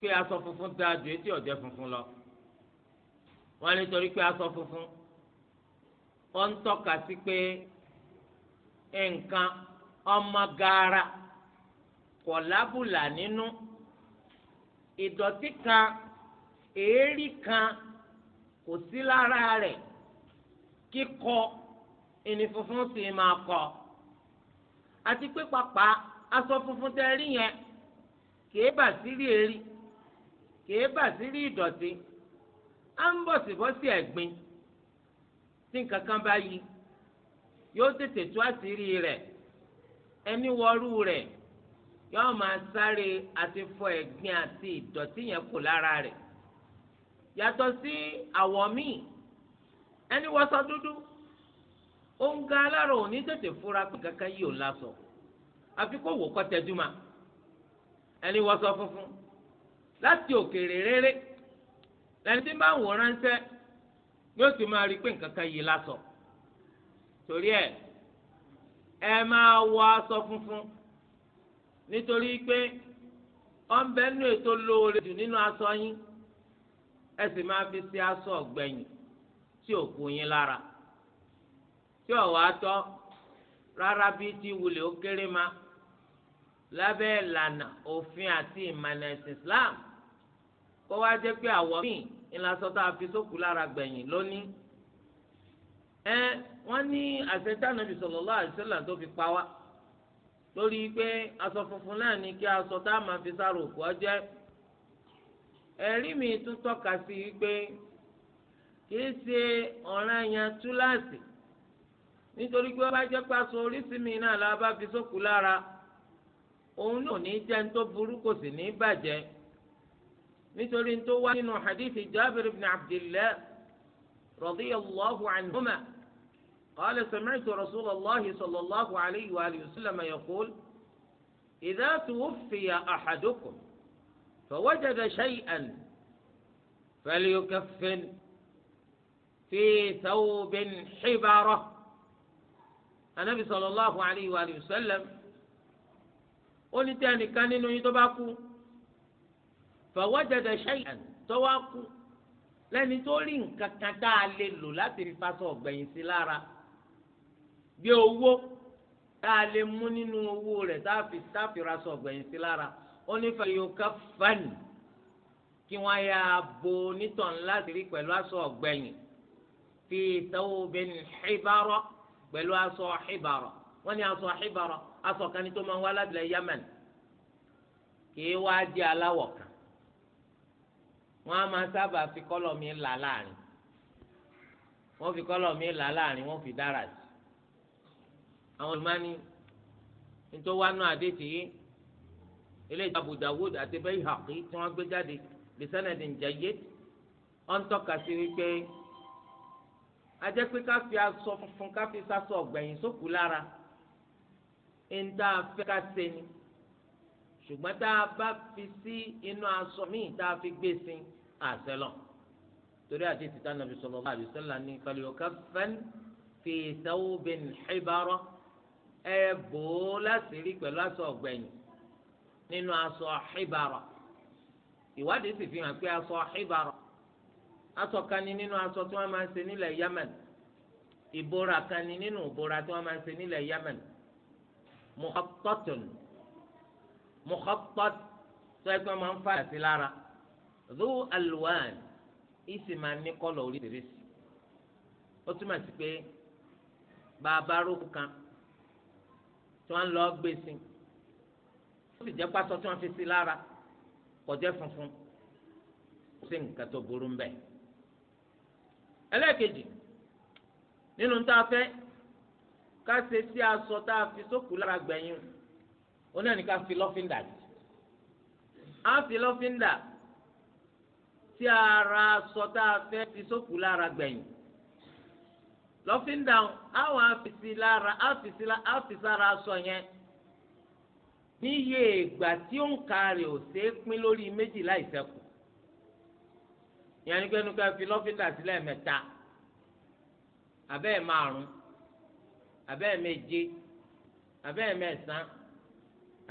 pé aṣọ funfun dáa ju etí ọ̀jẹ́ funfun lọ wọ́n ní torí pé aṣọ funfun ó ń tọ́ka sí pé nǹkan ọmọ gaara kò lábùlà nínú ìdọ̀tí kan èérí kan kò sí lára rẹ̀ kíkọ ìní funfun sì máa kọ àti pé pàpà aṣọ funfun tẹ rí yẹn kì í bà sí rí èrí kìí bà sí rí ìdọ̀tí á ń bọ̀ sí bọ́sí ẹ̀gbin tí nǹkan kan bá yí yóò tètè tú àṣírí rẹ̀ ẹni wọrú rẹ̀ yóò máa sáré àti fọ ẹ̀gbin àti ìdọ̀tí yẹn kù lára rẹ̀ yàtọ̀ sí àwọ̀ míì ẹni wọṣọ dúdú ó ń ga alára òní tètè fura pé kankan yìí ò lásọ àfi kó kọ́ tẹjú ẹni wọṣọ funfun láti òkèèrè rere lẹni tí ń bá wò ránṣẹ́ yóò ti máa rí i pé nǹkan kan yìí lásọ torí ẹ ẹ máa wọ aṣọ funfun nítorí pé ọ̀nbẹ nù ètò lóore jù nínú aṣọ yín ẹ sì máa fi ṣe aṣọ ọ̀gbẹ̀yìn tí ò kù yín lára tí ọ̀wá tọ́ rárá bí ti wulẹ̀ ó kéré ma lábẹ́ ìlànà òfin àti ìmọ̀nà ẹ̀sìn Islam. kó wá jẹ́ pé àwọ̀ míì ìlàsọ tá lára gbẹ̀yìn lónìí. ẹ wọ́n ní àṣetá nàbì sallallahu alaihi wasallam tó fi pa wá lórí pé aṣọ funfun náà ní kí aṣọ tá a máa fi sára òkú ọjẹ́ ẹ̀rí mi tún tọ́ka sí i pé kìí ṣe ọ̀ràn yẹn túláàsì nítorí pé wọ́n bá jẹ́ pé aṣọ oríṣi mi náà la bá fi sókù lára òun náà ní jẹ́ ní tó burú kò sì ní bàjẹ́ nítorí tó wá nínú hadithi jabir ibn abdillah radiyallahu anhuma قال سمعت رسول الله صلى الله عليه وآله وسلم يقول إذا توفي أحدكم فوجد شيئا فليكفن في ثوب حبره النبي صلى الله عليه وآله وسلم ó ní tí ẹnìkan nínú yín tó bá kú fàwọ́jẹ̀dẹ̀ ṣẹ́yìn tọ́wọ́ kú lẹ́ni tó rí nǹkan kan tá a lè lò láti rí fásọ ọ̀gbẹ̀yìn sí lára bí owó tá a lè mú nínú owó rẹ̀ tá a fi ra sọ ọ̀gbẹ̀yìn sí lára ó ní fàyọkà fani kí wọ́n yá bo onítàn láti rí pẹ̀lú aṣọ ọ̀gbẹ̀yìn fi tawbin hibara pẹ̀lú aṣọ hibara wọ́n ní aṣọ hibara aṣọ kan ní tó máa ń wá láti ilẹ̀ kì í wá di aláwọ̀ kan wọ́n á máa sábà fi kọ́lọ̀ mi là láàrin wọ́n fi kọ́lọ̀ mi là láàrin wọ́n fi dára sí àwọn olùmọ́ni nítorí wàá nù adé tì í eléyìí Abu Dawud àti Bayhaqi tí wọ́n gbé jáde bi sanadin jayyid wọ́n tọ́ka sí wípé ajẹ́ pé ká fi aṣọ funfun ká fi sásọ ọ̀gbẹ̀yìn sókù lára ń tá a fẹ́ ká ṣe ni ṣùgbọ́n tá a bá fi sí inú aṣọ míì tá a fi gbé sí àṣẹ lọ torí àti tìta nàbì sallallahu alaihi wasallam ní falyukaffan fi thawbin hibara ẹ bò ó láti rí pẹ̀lú aṣọ ọ̀gbẹ̀yìn nínú aṣọ hibara ìwádìí sì fi hàn pé aṣọ hibara aṣọ kan ni nínú aṣọ tí wọ́n máa ń ṣe nílẹ̀ Yemen ìbora kan ni nínú ìbora tí wọ́n máa ń ṣe nílẹ̀ Yemen muhattatun mukhattad tó ẹgbẹ́ máa ń fàyà sí lára dhu alwan ìsì máa ní kọ́lọ̀ oríṣiríṣi ó túmọ̀ sí pé bàbá rókù kan tí wọ́n lọ gbé sí ó sì jẹ́ pásọ tí wọ́n fi sí lára kò jẹ́ funfun kò sí nǹkan tó burú ń bẹ̀. ẹlẹ́ẹ̀kejì nínú tá a fẹ́ ká ṣe sí aṣọ tá a fi sókùú lára gbẹ̀yìn ó náà ní ká fi lọ́fíńdà jù á fi lọ́fíńdà tí ara sọ tá a fẹ́ fi sókù lára gbẹ̀yìn lọ́fíńdà àwọn àfìsí lára àfìsí àfìsára sọ yẹn níye ìgbà tí ó ń ka rè ò ṣe é pín lórí méjì láì ṣẹ́kù ìyẹn ní pẹ́ẹ́nu ká fi lọ́fíńdà sílẹ̀ mẹ́ta abẹ́ẹ̀ márùn-ún abẹ́ẹ̀ méje abẹ́ẹ̀ mẹ́sàn-án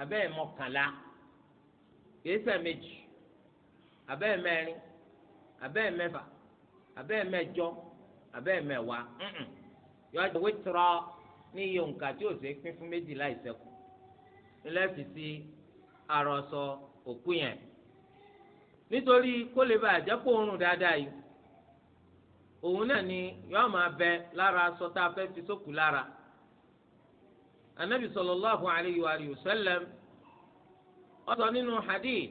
abẹ́ẹ̀ mọ́kànlá kìíṣẹ́ méjì abẹ́ẹ̀ mẹ́rin abẹ́ẹ̀ mẹ́fà abẹ́ẹ̀ mẹ́jọ abẹ́ẹ̀ mẹ́wàá yọ ọjọ́ wítrọ ní iye òǹkà tí ò ṣe pín fún méjì láì ṣẹ́kù nílẹ̀ fi sí arọ̀sọ òkú yẹn nítorí kó lè bá àjẹpọ̀ oorun dáadáa yìí òun náà ni yọ máa bẹ lára aṣọ fẹ́ fi sókù lára. So النبي صلى الله عليه وآله وسلم إنه حديث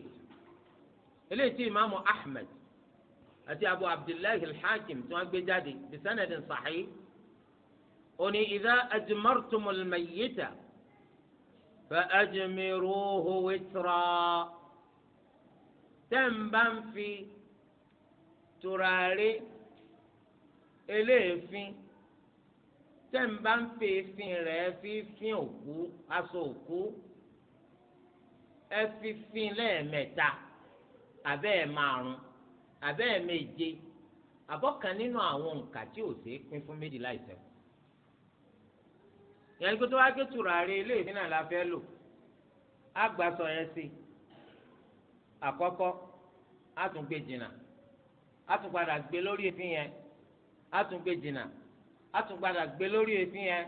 التي إمام أحمد أتي أبو عبد الله الحاكم بجدي بسند صحيح أني إذا أجمرتم الميت فأجمروه وترا تنبا في تراري إليه في tẹ́ǹbà ń fi ìfin rẹ̀ fi fin òkú aṣọ òkú ẹ fi fin lẹ́ẹ̀mẹ́ta abẹ́ ẹ̀ márùn abẹ́ ẹ̀ méje àbọ̀kan nínú àwọn nǹka tí ò sí pín fún méjì láìsẹ̀kù yẹn kó tó wá ké tùràrí ilé ìdínà la fẹ́ lò àgbàsọ yẹn sí àkọ́kọ́ àtúngbè jìnnà àtúnpadà gbé lórí ìfín yẹn àtúngbè jìnnà àtúgbàdà gbé lórí etí yẹn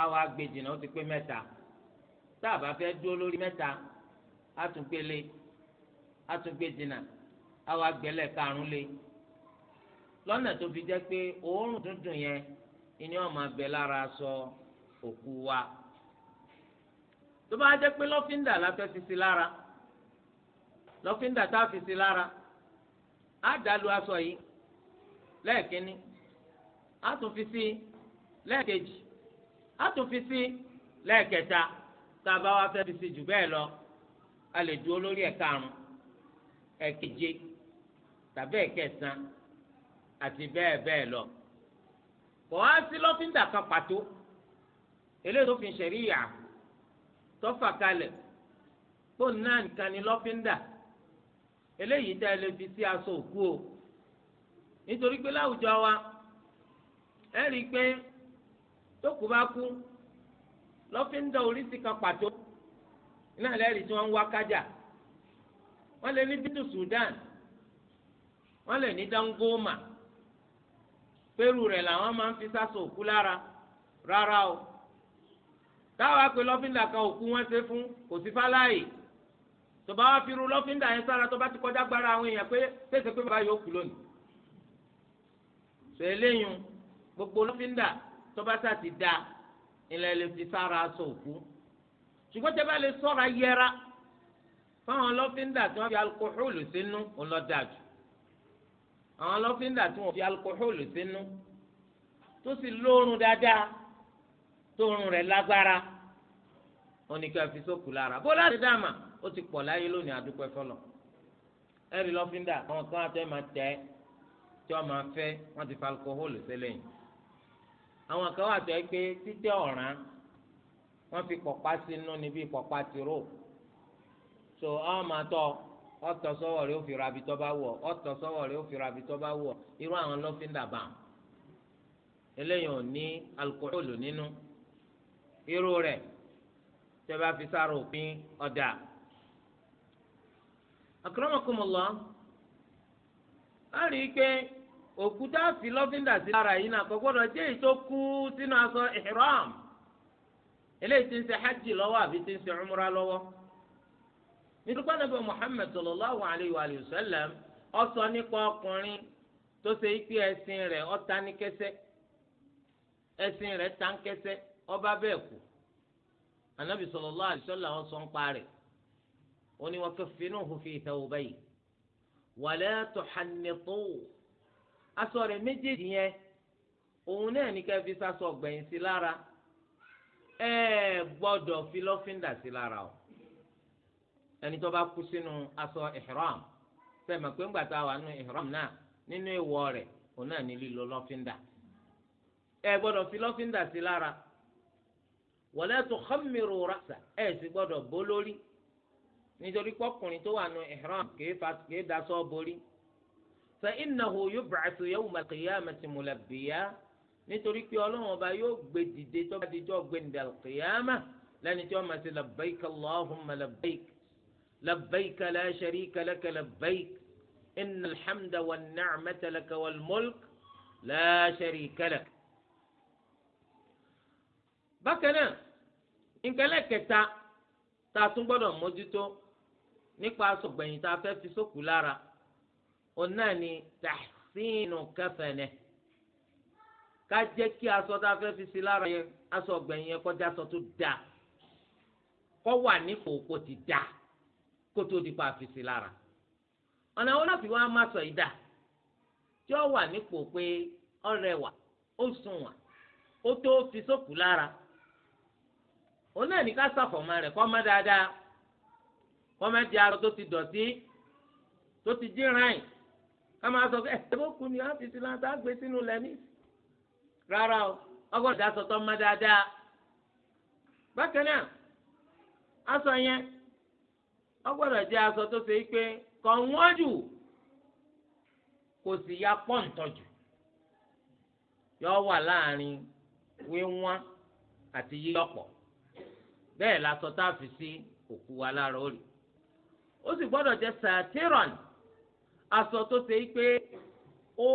àwọn agbèjìnà ó ti pé mẹ́ta tá a bá fẹ́ dúró lórí mẹ́ta àtúgbélé àtúgbèjìnà àwọn agbélé karùn lé tó fi pé òórùn dúndùn yẹn sọ òkú wa tó bá jẹ́ pé lọ́fíńdà la fẹ́ fi sí lára lọ́fíńdà tá a fi sí lára á dàlú á tún fi sí lẹ́ẹ̀kejì á tún fi sí lẹ́ẹ̀kẹta tá a bá wá fẹ́ fi sí jù bẹ́ẹ̀ lọ a lè dúró lórí ẹ̀karùn ẹ̀keje tàbí ẹ̀kẹsàn àti bẹ́ẹ̀ bẹ́ẹ̀ lọ kò wá sí lọ́fíńdà kan pàtó eléyìí tó fi ṣẹ̀ríyà tọ́fà kalẹ̀ kó náà nìkan ni lọ́fíńdà eléyìí dá ẹ lè fi sí aṣọ òkú o nítorí pé láwùjọ wa ẹ rí i pé tókù bá kú lọ́fíńdà oríṣi kan pàtó iná lẹ́rìí tí wọ́n ń wá kájà wọ́n lè ní bídù Sudan wọ́n lè ní dangoma pẹ̀rù rẹ̀ làwọn máa ń fi sásọ òkú lára rárá o táwa pé lọ́fíńdà kan òkú wọn ṣe fún kò sí fáláyì tọba wa firu lọ́fíńdà yẹn sára tọba ti kọjá gbára àwọn èèyàn pé tẹ̀sẹ̀ pé bàbá yóò kú lónìí. sọ eléyìí gbogbo olúfíńdà tọ́ba sá ti da ilẹ̀ lè fi sára aṣọ òkú ṣùgbọ́n tẹ́ bá lè sọ́ra yẹra fáwọn olúfíńdà tí wọ́n fi alukóhólù sínú ọlọ́dàjù àwọn olúfíńdà tí wọ́n fi alukóhólù sínú tó sì lóorun dáadáa tóorun rẹ̀ lágbára oníkẹ́ àfi sókù lára bó láti dáàmà ó ti pọ̀ láyé lónìí àdúpẹ́ fọlọ́ ẹ̀rí lọ́fíńdà àwọn kan àti ẹ̀ máa tẹ́ tí wọ́n máa fẹ́ wọ́n ti fa alukóhólù sílẹ̀ yìí àwọn kan wà tó ẹ pé títẹ̀ ọ̀ràn wọ́n fi pọ̀pá sínú níbi pọ̀pá ti rò so àwọn máa tọ́ ọ̀tọ̀ sọ́wọ́ rẹ̀ ó fi rabi tó bá wọ̀ ọ̀tọ̀ sọ́wọ́ rẹ̀ ó fi rabi tó bá wọ̀ irú àwọn lọ́fíńdà bá wọn eléyìí ò ní alukóhólù nínú irú rẹ̀ tẹ́ bá fi sára òpin ọ̀dà akramakumullah a rí i pé. òkúta fi lọ́fíńdà sí lára yìí náà kò gbọ́dọ̀ jẹ́ ku tó kú sínú aṣọ ihram eléyìí ti ń ṣe hajj lọ́wọ́ àbí ti ń ṣe umra lọ́wọ́ sallallahu alayhi wa sallam ó nípa ọkùnrin tó ṣe ní ń ọba anabi sallallahu alayhi wa sọ ń parẹ́ ó ní wa kaffinuhu fi thawbayhi wa asọ rẹ̀ méjèèjì yẹn òun náà ní ká fi sasọ sí lára ẹ gbọ́dọ̀ fi lọ́fíńdà sí lára o ẹni tó bá kú sínú aṣọ pé ńgbà tá a wà nínú ihram náà nínú ìwọ rẹ̀ òun náà ní lílo lọ́fíńdà ẹ gbọdọ fi sí lára wala tukhammiru ra'sa ẹ sì gbọ́dọ̀ bó lórí nítorí pọ́kùnrin tó wà nínú ihram borí. فإنه يبعث يوم القيامة ملبيا nítorí pé ọlọ́run ọba yóò gbé dìde tó bá dìjọ́ gbẹ̀ndẹ̀ alqiyama lẹ́ni tí wọ́n máa ṣe labbaik allahumma labbaik labbaik la sharika laka labbaik inna alhamda wa nacmata laka wal mulk la sharika laka. bákan náà nkẹlẹ́ kẹta tá a tún gbọ́dọ̀ mójútó nípa sọ̀gbẹ̀yìn tá a fẹ́ fi sókù lára. So náà ni tàṣínù kẹfẹ̀nẹ̀ ká jẹ́ kí aṣọ tá a fẹ́ fi sí lára yẹn aṣọ ọgbẹ̀yìn to kọjá aṣọ tó dáa kọ́ wà nípò kó ti dáa kó tó di pa àfi sí lára ọ̀nà àwọn láti wá má sọ ìdá tí ó wà nípò pé ọrẹwà ó sunwà ó tó fi sókù lára òun náà ní ká ṣàfọ̀mọ́ rẹ̀ kọ́ mọ́ dáadáa kọ́ di arọ tó ti dọ̀tí tó ti dín ráìn ká máa sọ pé ẹ bó kú ni wọn fi sílá gbé sínú lẹ́mí rárá o ọgbọ́dọ̀ aṣọ tó má dáadáa bákan náà aṣọ yẹn ọgbọ́dọ̀ jẹ́ aṣọ tó ṣe pé kò wọ́n jù kò ya pọ́ǹtọ̀jù yọ wà láàrin wíwọ́n àti bẹ́ẹ̀ la sọ sí òkú wa ó sì gbọ́dọ̀ aṣọ tó ṣe é pé ó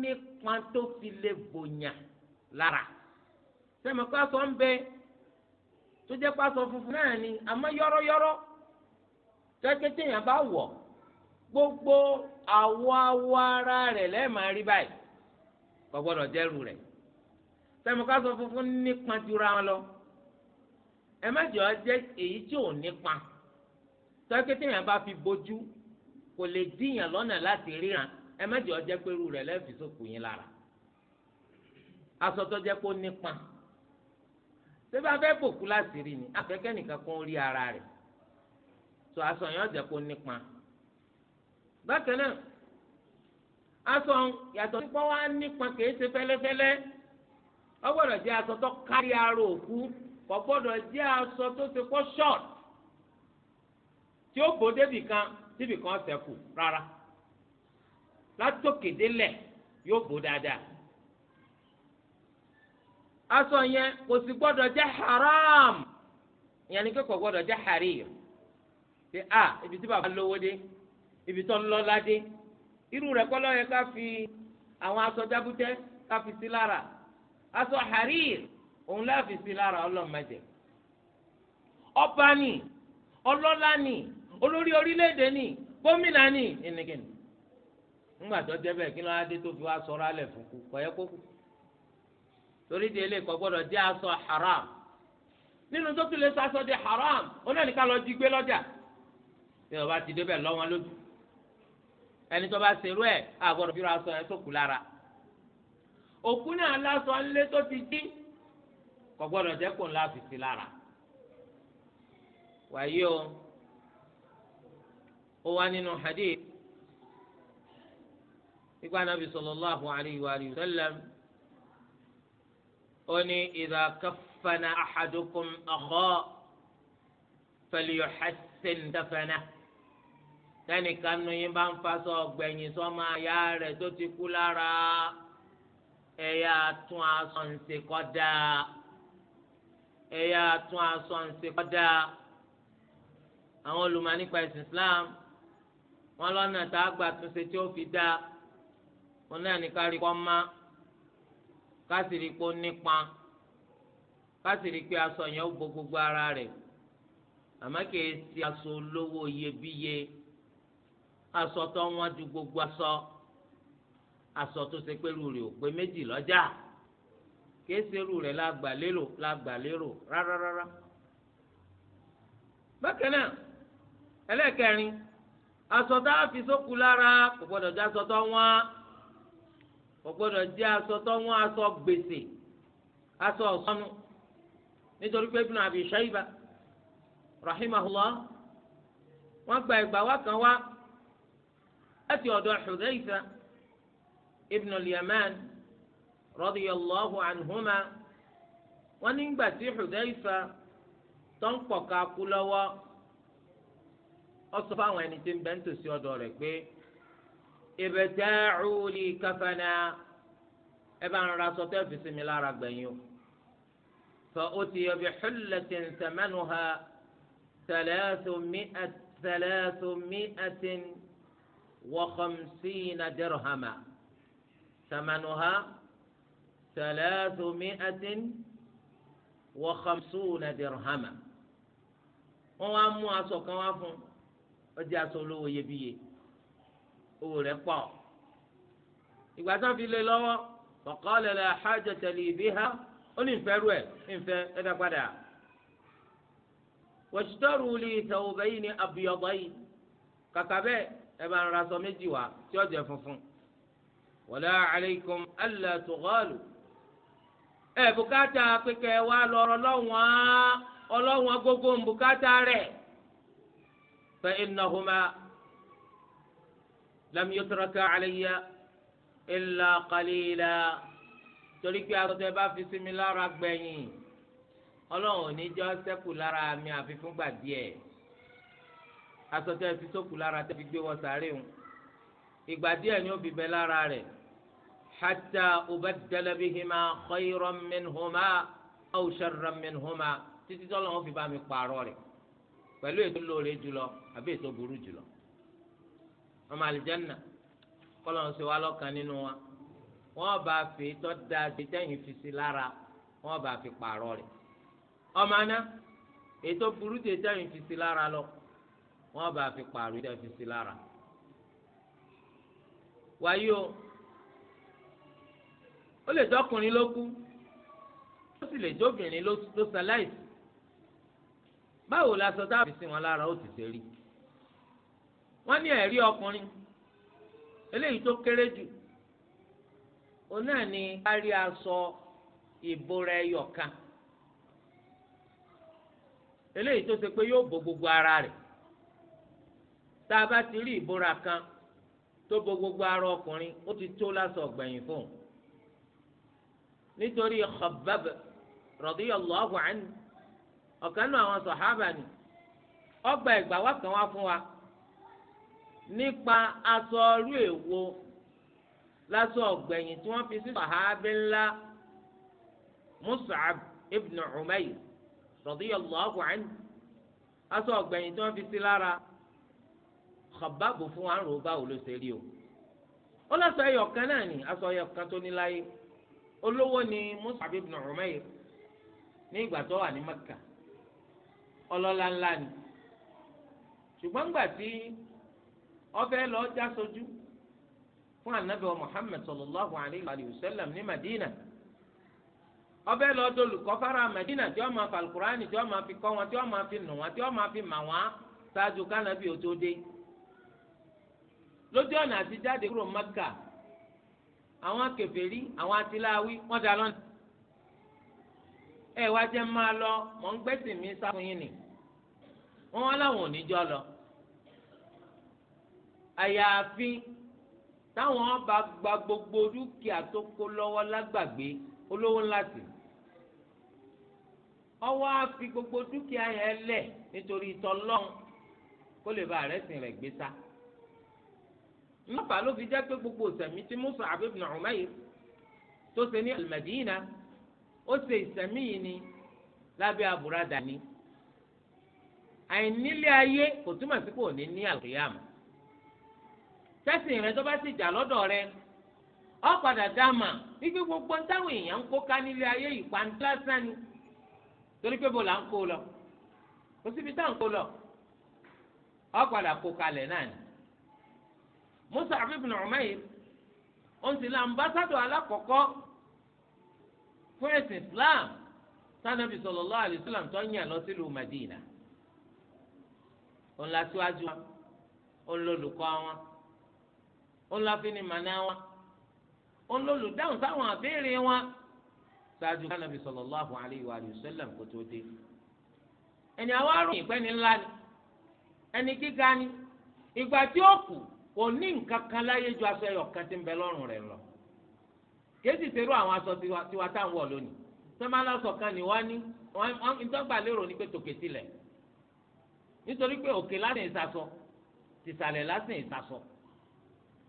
nípa tó fi lè bòyà lára sẹ́mọ̀ká sọ ń bẹ tó jẹ́ pásọ funfun náà ni àmọ́ yọ́rọ́yọ́rọ́ kẹ́kẹ́ téèyàn bá wọ̀ gbogbo àwọ̀ awọ ara rẹ̀ lẹ́ẹ̀máa rí báyìí kò gbọ́dọ̀ jẹ́rù rẹ̀ sẹ́mọ̀ká sọ funfun nípa jura wọn lọ ẹ má jọ jẹ́ èyí tí ò nípa kẹ́kẹ́ téèyàn bá fi bojú kò lè díyàn lọ́nà láti ríran ẹ má jẹ́ ọjẹ́ pé irú rẹ̀ lẹ́ẹ̀fì sókù yín lára aṣọ tó jẹ́ pé ó nípa ṣé bá fẹ́ bòkú láti rí ni afẹ́kẹ́ nìkan kan rí ara rẹ̀ tó aṣọ yẹn ọ̀jẹ̀ kó nípa bákan náà aṣọ yàtọ̀ nípa wá nípa kìí ṣe fẹ́lẹ́fẹ́lẹ́ ó gbọ́dọ̀ jẹ́ aṣọ tó kárí ara òkú kò gbọ́dọ̀ jẹ́ aṣọ tó ṣe kọ́ short tí ó bò débì kan síbi kan ṣẹ́kù rárá látòkèdélẹ̀ yóò bò dáadáa aṣọ yẹn kò sì gbọ́dọ̀ jẹ́ haram ìyẹn ni kò gbọ́dọ̀ jẹ́ harir ṣe a ibi tí bàbá lówó dé ibi tó ń lọ ládé irú rẹ̀ kọ́ lọ́yẹ ká fi àwọn aṣọ jábútẹ́ ká fi sí lára aṣọ harir òun láfi sí lára ọlọ́mọdé ọba ni ọlọ́lá ni. olórí orílẹ̀-èdè ni gómìnà ni ẹnìkìnnì ńgbà tó jẹ́ bẹ́ẹ̀ kí ló á tó fi wá sọ̀rọ̀ alẹ̀ fún kú torí di eléyìí gbọ́dọ̀ jẹ́ aṣọ haram nínú tó tún lè sọ aṣọ di haram ó náà ní lọ jí gbé lọ́jà tí o bá ti débẹ̀ lójú ẹni tó bá ẹ̀ fi ra aṣọ yẹn lára òkú náà lásọ tó ti jí gbọ́dọ̀ jẹ́ kó ńlá ó wá nínú hadith ikú anabi sallallahu alayhi wa sallam ó ní idha kaffana ahadukum akhahu falyuhassin dafanahu tẹnìkan nu yín bá ń fasọ gbẹ̀yìn sọ́mọ aya rẹ̀ tó ti kú lára ẹ̀yà tún aṣọ ǹsẹ̀ kọ́ dáa tún aṣọ ǹsẹ̀ kọ́ àwọn olùmọ̀ nípa ẹ̀sìn Islam wọn lọ́nà tá a gbà túnṣe tí ó fi dáa wọn náà ní kárí kọ́ má kásìrí kó nípa kásìrí pé aṣọ yẹn ó bo gbogbo ara rẹ̀ àmọ́ kìí ṣe aṣọ olówó iyebíye aṣọ tó wọ́n ju gbogbo aṣọ aṣọ tó ṣe pé rú ò pé méjì lọ́jà kìí ṣe rú rẹ̀ lágbàlérò lágbàlérò rárárárá bákan náà ẹlẹ́kẹrin aṣọ tá a fi sóku lára kò gbọdọ̀ jẹ́ aṣọ tó wọ́n kò gbọdọ̀ jẹ́ aṣọ tó wọ́n aṣọ gbèsè aṣọ ọ̀sánú nítorí pé Ibn Abi Shayba rahimahullah wọ́n gba ìgbà wá kan wá láti ọ̀dọ̀ Hudhayfa ibn al-Yaman radiyallahu anhuma wọ́n nígbà tí Hudhayfa tó ń pọ̀ ká kú lọ́wọ́ ó sọ fáwọn ẹni tí ń bẹ ń tòsí ọ̀dọ̀ rẹ̀ pé ìbẹ̀tẹ́rù lè káfánà ẹ bá ń ra aṣọ tẹ́ fi sinmi lára gbẹ̀yìn o fa ó ti yọbi xulẹ̀tìn sẹ̀mẹ́nu ha tẹ̀lẹ́sọ mi'atin wọ́kọ̀mṣínà dẹ́rọ̀hàmà sẹ̀mẹ́nu ha tẹ̀lẹ́sọ mi'atin wọ́kọ̀mṣínà dẹ́rọ̀hàmà wọ́n wá mú aṣọ kan wá fún un ọjà aṣọ olówó iyebíye owó rẹ̀ pọ̀ ìgbà tí wọ́n fi lé lọ́wọ́ qala la hajata li biha ó ní ìfẹ́ rú ẹ̀ ìfẹ́ ẹ̀dá padà washtaru li thawbayni abyadayn kàkà bẹ́ẹ̀ ẹ bá ń ra aṣọ méjì wá tí ó funfun wala alaykum alla tughalu ẹ̀ bùkátà pé kẹ́ ẹ wá lọ́rọ̀ lọ́wọ́n gbogbo bùkátà rẹ̀. فإنهما لم يترك علي إلا قليلا torí pé àtọ̀tẹ̀ bá fi sí mi lára gbẹ̀yìn ọlọ́run ò ní jọ́ sẹ́kù lára mi àfi fúngbà díẹ̀ àtọ̀tẹ̀ fi sókù lára tẹ́ fi gbé wọ sàárè ń ìgbà díẹ̀ ni ó fi bẹ lára rẹ̀ hatta ubaddala bihima khayran minhuma aw sharran minhuma títí tọ́lọ́run fi bá mi pààrọ̀ rẹ̀ pẹ̀lú ètò lóore jùlọ àbí ètò burú jùlọ ọmọ àlìjánà kọlọ ń ṣe wá lọ́kàn nínú wa wọ́n bá fi tọ́ da àtẹ̀yìn fi sí lára wọ́n bá fi pààrọ̀ rẹ̀ ọmọ aná ètò burú ti àtẹ̀yìn fi sí lára lọ wọ́n bá fi pààrọ̀ ìtẹ̀ fi sí lára wáyé o ó lè jọkùnrin ló kú ó sì lè jọbìnrin ló ṣaláìsí báwo la sọ dábì sí wọn lára ó ti ṣe rí wọn ní ẹ̀rí ọkùnrin eléyìí tó kéré jù òun náà ni kárí aṣọ ìbora ẹyọ kan eléyìí tó ṣe pé yóò bo gbogbo ara rẹ̀ tá a bá ti rí ìbora kan tó bo gbogbo ara ọkùnrin ó ti tó lásọ ọgbẹ̀yìn fún un nítorí Khabbab radiyallahu anhu ọ̀kan nínú àwọn sọ̀hábà ni ọgbà ẹ̀gbà wá kan wá fún wa nípa aṣọ ọrú èwo lásọ ọ̀gbẹ̀yìn tí wọ́n fi sí sọ̀hábì ńlá Mus'ab ibn Umayr radiyallahu anhu aṣọ ọ̀gbẹ̀yìn tí wọ́n fi sí lára kọ̀báàbò fún wa ń rò báwo ló ṣe rí o ó lọ́sọ ẹyọ kan náà ni aṣọ ẹyọ kan tó ní láyé olówó ni Mus'ab ibn Umayr ní ìgbà tó wà ní Mẹ́kà ọlọ́lá ńlá ni ṣùgbọ́n gbà tí ọfẹ́ lọ já sojú fún anabi wa Muhammad sallallahu alayhi wa sallam ní Madina ọfẹ́ lọ dolùkọ́ fara Madina tí wọ́n máa fa alukurani tí wọ́n máa fi kọ́ wọn tí wọ́n máa fi nù wọn tí wọ́n máa fi mà wọn ṣáájú kánábì ó dé lójú ọ̀nà àti kúrò Mẹ́kà àwọn kèfèrí àwọn atiláwí wọ́n dá lọ́nà ẹ wá jẹ́ máa lọ mọ̀ ń gbẹ́sìn mi sá fún yín nì wọ́n wá láwọn oníjọ́ lọ àyàfi táwọn bá gba gbogbo dúkìá tó kó lọ́wọ́ lágbàgbé olówó ńlá sí ọwọ́ á fi gbogbo dúkìá yẹn lẹ̀ nítorí ìtọ́lọ́run kó lè ba àrẹ́sìn rẹ̀ gbé sá nípa ló fi jẹ́ pé gbogbo sẹ̀mí tí Mus'ab ibn Umayr tó ṣe ní al-Madina. ó ṣe ìsẹ̀mí yìí ni lábẹ́ àbúradà ni àìnílé ayé kò túmọ̀ sí kò ní ní àlùkìyàmù tẹ́sìn rẹ tó bá sì jà lọ́dọ̀ rẹ ọ padà gbogbo táwọn èèyàn ń kó ká nílé ayé yìí pàǹtí lásán ni torí pé bó là ń kó lọ kò síbi tá ń kó lọ ọ padà kó kalẹ̀ náà ni fún ẹ̀sìn islam sanabi sallallahu alaihi wasallam tó ń yàn lọ sílùú madina òun la síwájú wọn òun lolùkọ́ wọn òun la fi ni màná wọn òun lolùdáhùn sáwọn àbẹ́rẹ́ wọn ṣáájú sanabi sallallahu alaihi wasallam kò tó dé ẹni àwọn arúgbó ńlá ni ẹni ni ìgbà tí ó kù kò ní nǹkan kan láyé ju aṣọ ẹyọ kan kéésì ṣerú àwọn aṣọ tiwa tá à ń wọ̀ lónìí sọmọlọsọ kan ní wọ́n ní ìtọ́gbà lérò ní pé tòkè tilẹ̀ nítorí pé òkè lásìn ìsasọ tìsàlẹ̀ lásìn ìsasọ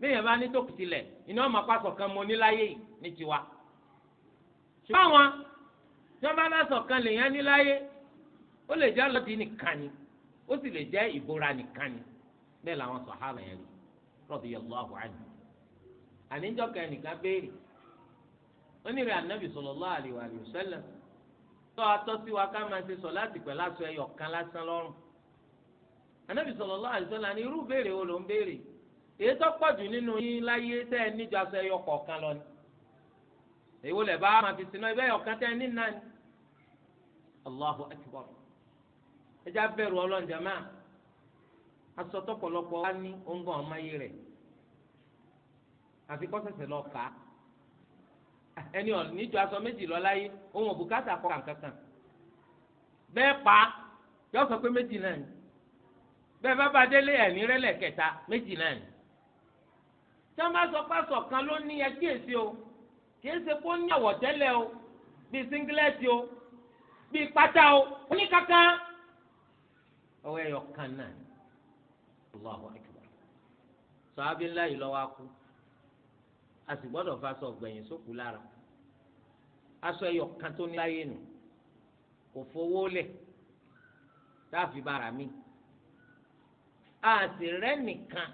léèyàn bá ní tòkè tilẹ̀ iná ọmọ pàṣọ kan mo ní láyé yìí ní tiwa ṣùgbọ́n àwọn sọmọlọsọ kan lèèyàn ní láyé ó lè jẹ́ lọ́dì nìkan ni ó sì lè jẹ́ ìbora nìkan ni bẹ́ẹ̀ làwọn sàhábà yẹn rí radiyallahu anhu àníjọ́ kan nìkan béèrè wọ́n ní rẹ̀ ànábì sallallahu alaihi wa sallam tó atọ́sí wa ká máa ṣe sọ láti pẹ̀ láṣọ ẹyọ kan lásán lọ́rùn ànábì sallallahu alaihi wa sallam irú béèrè wo ló ń béèrè èyí tó nínú yín láyé tẹ́ ẹ níjọ aṣọ ẹyọ kọ̀ọ̀kan lọ ni èyí wo bá máa fi sinú ẹyọ Allahu akbar ẹ já bẹ̀rù wá ní ó ń gbọ́n ọmọ ẹni ọ̀ níjọ aṣọ méjì lọ láyé òun òbúkátà kọ́ kankan bẹ́ẹ̀ pa yọ sọ pé méjì náà ni bẹ́ẹ̀ bá ba délé ẹ̀ní rẹ́lẹ̀ kẹta méjì náà ni tí wọ́n bá sọ kan ló ní ẹ kíyèsí o kìí ṣe kó ní àwọ̀ tẹ́lẹ̀ o bíi singlet o bíi pátá o oníkankan ọwọ́ ẹ̀yọ̀ kan náà ni Allahu akbar sọ abiláyìí lọ́wọ́ akú a sì gbọ́dọ̀ fa aṣọ gbẹ̀yìn sókù lára aṣọ ẹyọ kan tó ní láyé nù kò fowó lẹ̀ táàfin bára mi a sì rẹ́nìkan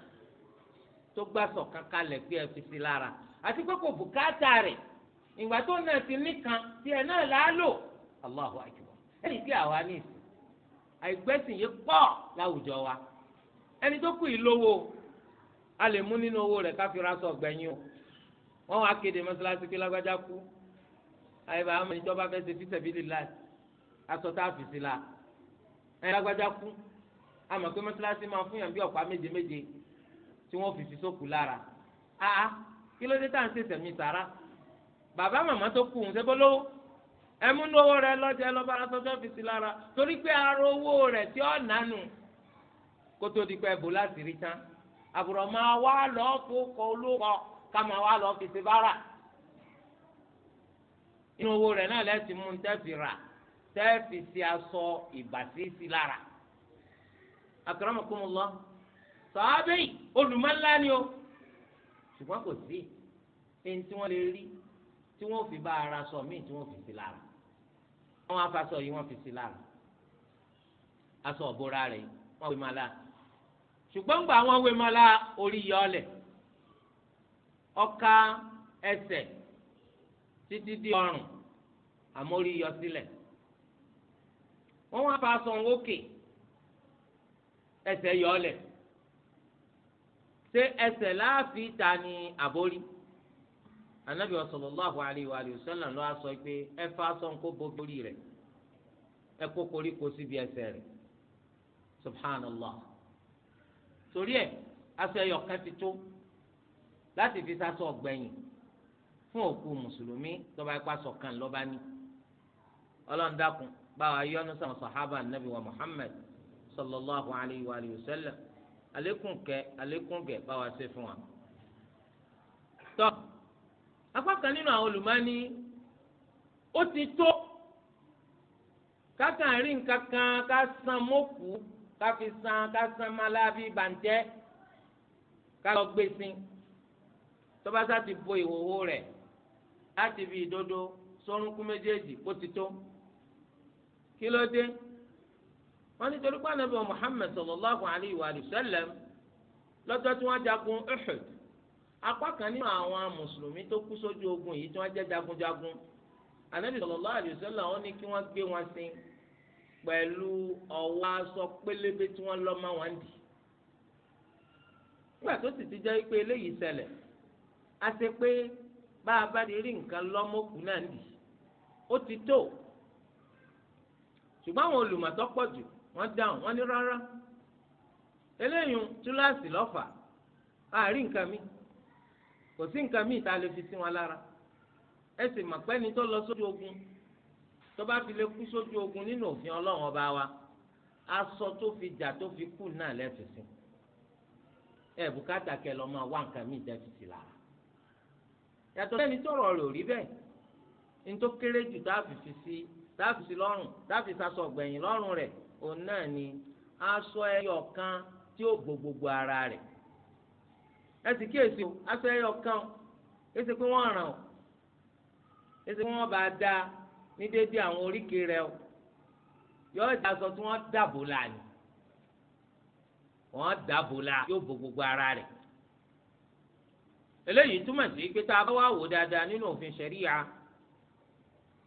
tó gbàsọ̀ kankan lẹ̀ pé ẹ fi sí lára àti pé kò bùkátà rẹ̀ ìgbà tó náà ti nìkan tí ẹ náà là á lò Allahu akbar ẹnì kí àwa ní ìsìn àìgbẹ́sìn yìí pọ̀ láwùjọ wa ẹni tó kù yìí lówó a lè mú nínú owó rẹ̀ ká sọ gbẹ̀yìn o wọ́n wá kéde mọ́sálásí pé lágbájá kú àyè bàá mọ̀ níjọba fẹ́ ṣe fíṣẹ̀ bíi lílá aṣọ tá a fi sí la ẹ̀ lágbájá kú àmọ̀ pé mọ́sálásí máa fún yàn bí ọ̀pá méje méje tí wọ́n fi fi sókù lára àá kí ló dé tá à ń ṣe sẹ̀mí sàrà bàbá màmá tó kù ń ṣe bó lówó ẹmú ní owó rẹ lọ́jà lọ́ba aṣọ́jọ́ fi sí lára torí pé ara owó rẹ̀ tí ó nánu kótó di pé láti rí tán àbùrọ̀ máa wá lọ́ọ́ fún kọ olóko Kama máa wá lọ fi ṣe bára inú owó rẹ̀ náà lẹ́sìn mú tẹ́fì rà tẹ́fì sí aṣọ ìbàsísí lára akramakumullah sàábẹ́yì olùmọ̀lá ni o ṣùgbọ́n kò sí ẹni tí wọ́n lè rí tí wọ́n fi bá ara sọ míì tí wọ́n fi sí lára wọ́n afaṣọ yìí wọ́n fi sí lára aṣọ ọ̀bọ̀ra rẹ̀ wọ́n wé máa la gbà wọ́n wé máa orí yọ ọlẹ̀ ọka ẹsẹ̀ títí di ọrùn àmórí yọ sílẹ̀ wọ́n wá fa aṣọ òkè ẹsẹ̀ yọ ọlẹ̀ ṣé ẹsẹ̀ láàfin ta ni àbórí anabi sallallahu alayhi wa sallam ló aṣọ pé ẹ fa aṣọ ńkó borí rẹ̀ ẹ kó koríko síbi ẹsẹ̀ rẹ̀ subhanallah torí ẹ aṣọ ẹyọ kan ti tó láti fi sásọ gbẹ̀yìn fún òkú mùsùlùmí tọba ipa sọ̀kan lọ́ba ní ọlọ́run dákun báwa yọ́nú sàn sàhábà nàbì wa muhammed sallallahu alayhi wa sallam alekun kẹ alekun gẹ báwa ṣe fún wa. tọ́ apá kan nínú àwọn olùmọ́ni ó ti tó kákàárí nǹkan kan ká san mọ́kù ká fi san ká san málábí bàǹtẹ́ ká lọ gbé sí i tọ́ba sá ti bo ìhòhò rẹ̀ láti fi ìdodo sọ́rùnkún méjèèjì kó ti tó kí ló dé wọ́n ní torí pàánù bí Muhammad sallallahu alayhi wa sallam lọ́jọ́ tí wọ́n jagun Uhud apá kan nínú àwọn mùsùlùmí tó kú sójú ogun yìí tí wọ́n jẹ́ jagunjagun anabi sallallahu alayhi wa sallam wọ́n ní kí wọ́n gbé wọn sin pẹ̀lú ọ̀wọ́ aṣọ pélébé tí wọ́n lọ́ máa wọn dì nígbà tó sì ti jẹ́ pé eléyìí ṣẹlẹ̀ a ṣe pé bá a bá di rí nǹkan lọ́mọ́kù náà nì ó ti tó ṣùgbọ́n àwọn olùmọ̀tọ́ pọ̀ jù wọ́n dáhùn wọ́n ní rárá eléyìí túláàsì lọ́fà àárí nǹkan mi kò sí nǹkan mi ìta lè fi sí wọn lára ẹ sì mọ̀ pẹ́ni tó lọ sójú ogun tó bá fi lè kú sójú ogun nínú òfin ọlọ́run ọba wa aṣọ tó fi jà tó fi kú náà lẹ́sìn sí ẹ bùkátà kẹ lọ́ọ́ máa nǹkan mi ìjẹ́ fi sí lára yàtọ̀ sẹ́ni tọ̀rọ̀ rẹ̀ ò rí bẹ́ẹ̀ ní tó kéré jù dáàbì fi sí dáàbì sí lọ́rùn dáàbì sasọ ọ̀gbẹ̀yìn lọ́rùn rẹ̀ òun náà ni aṣọ ẹyọ kan tí ó bo gbogbo ara rẹ̀ ẹ sì kíyèsí o aṣọ ẹyọ kan ó ṣe pé wọ́n ràn ó ó ṣe pé wọ́n bá dá ní déédéé àwọn oríkèé rẹ̀ o yọ ọjà aṣọ tí wọ́n dàbò là ní wọ́n dàbò là yóò bo gbogbo ara rẹ̀ eléyìí túmọ̀ sí pé tá a bá wà wò dáadáa nínú òfin ṣẹ̀ríya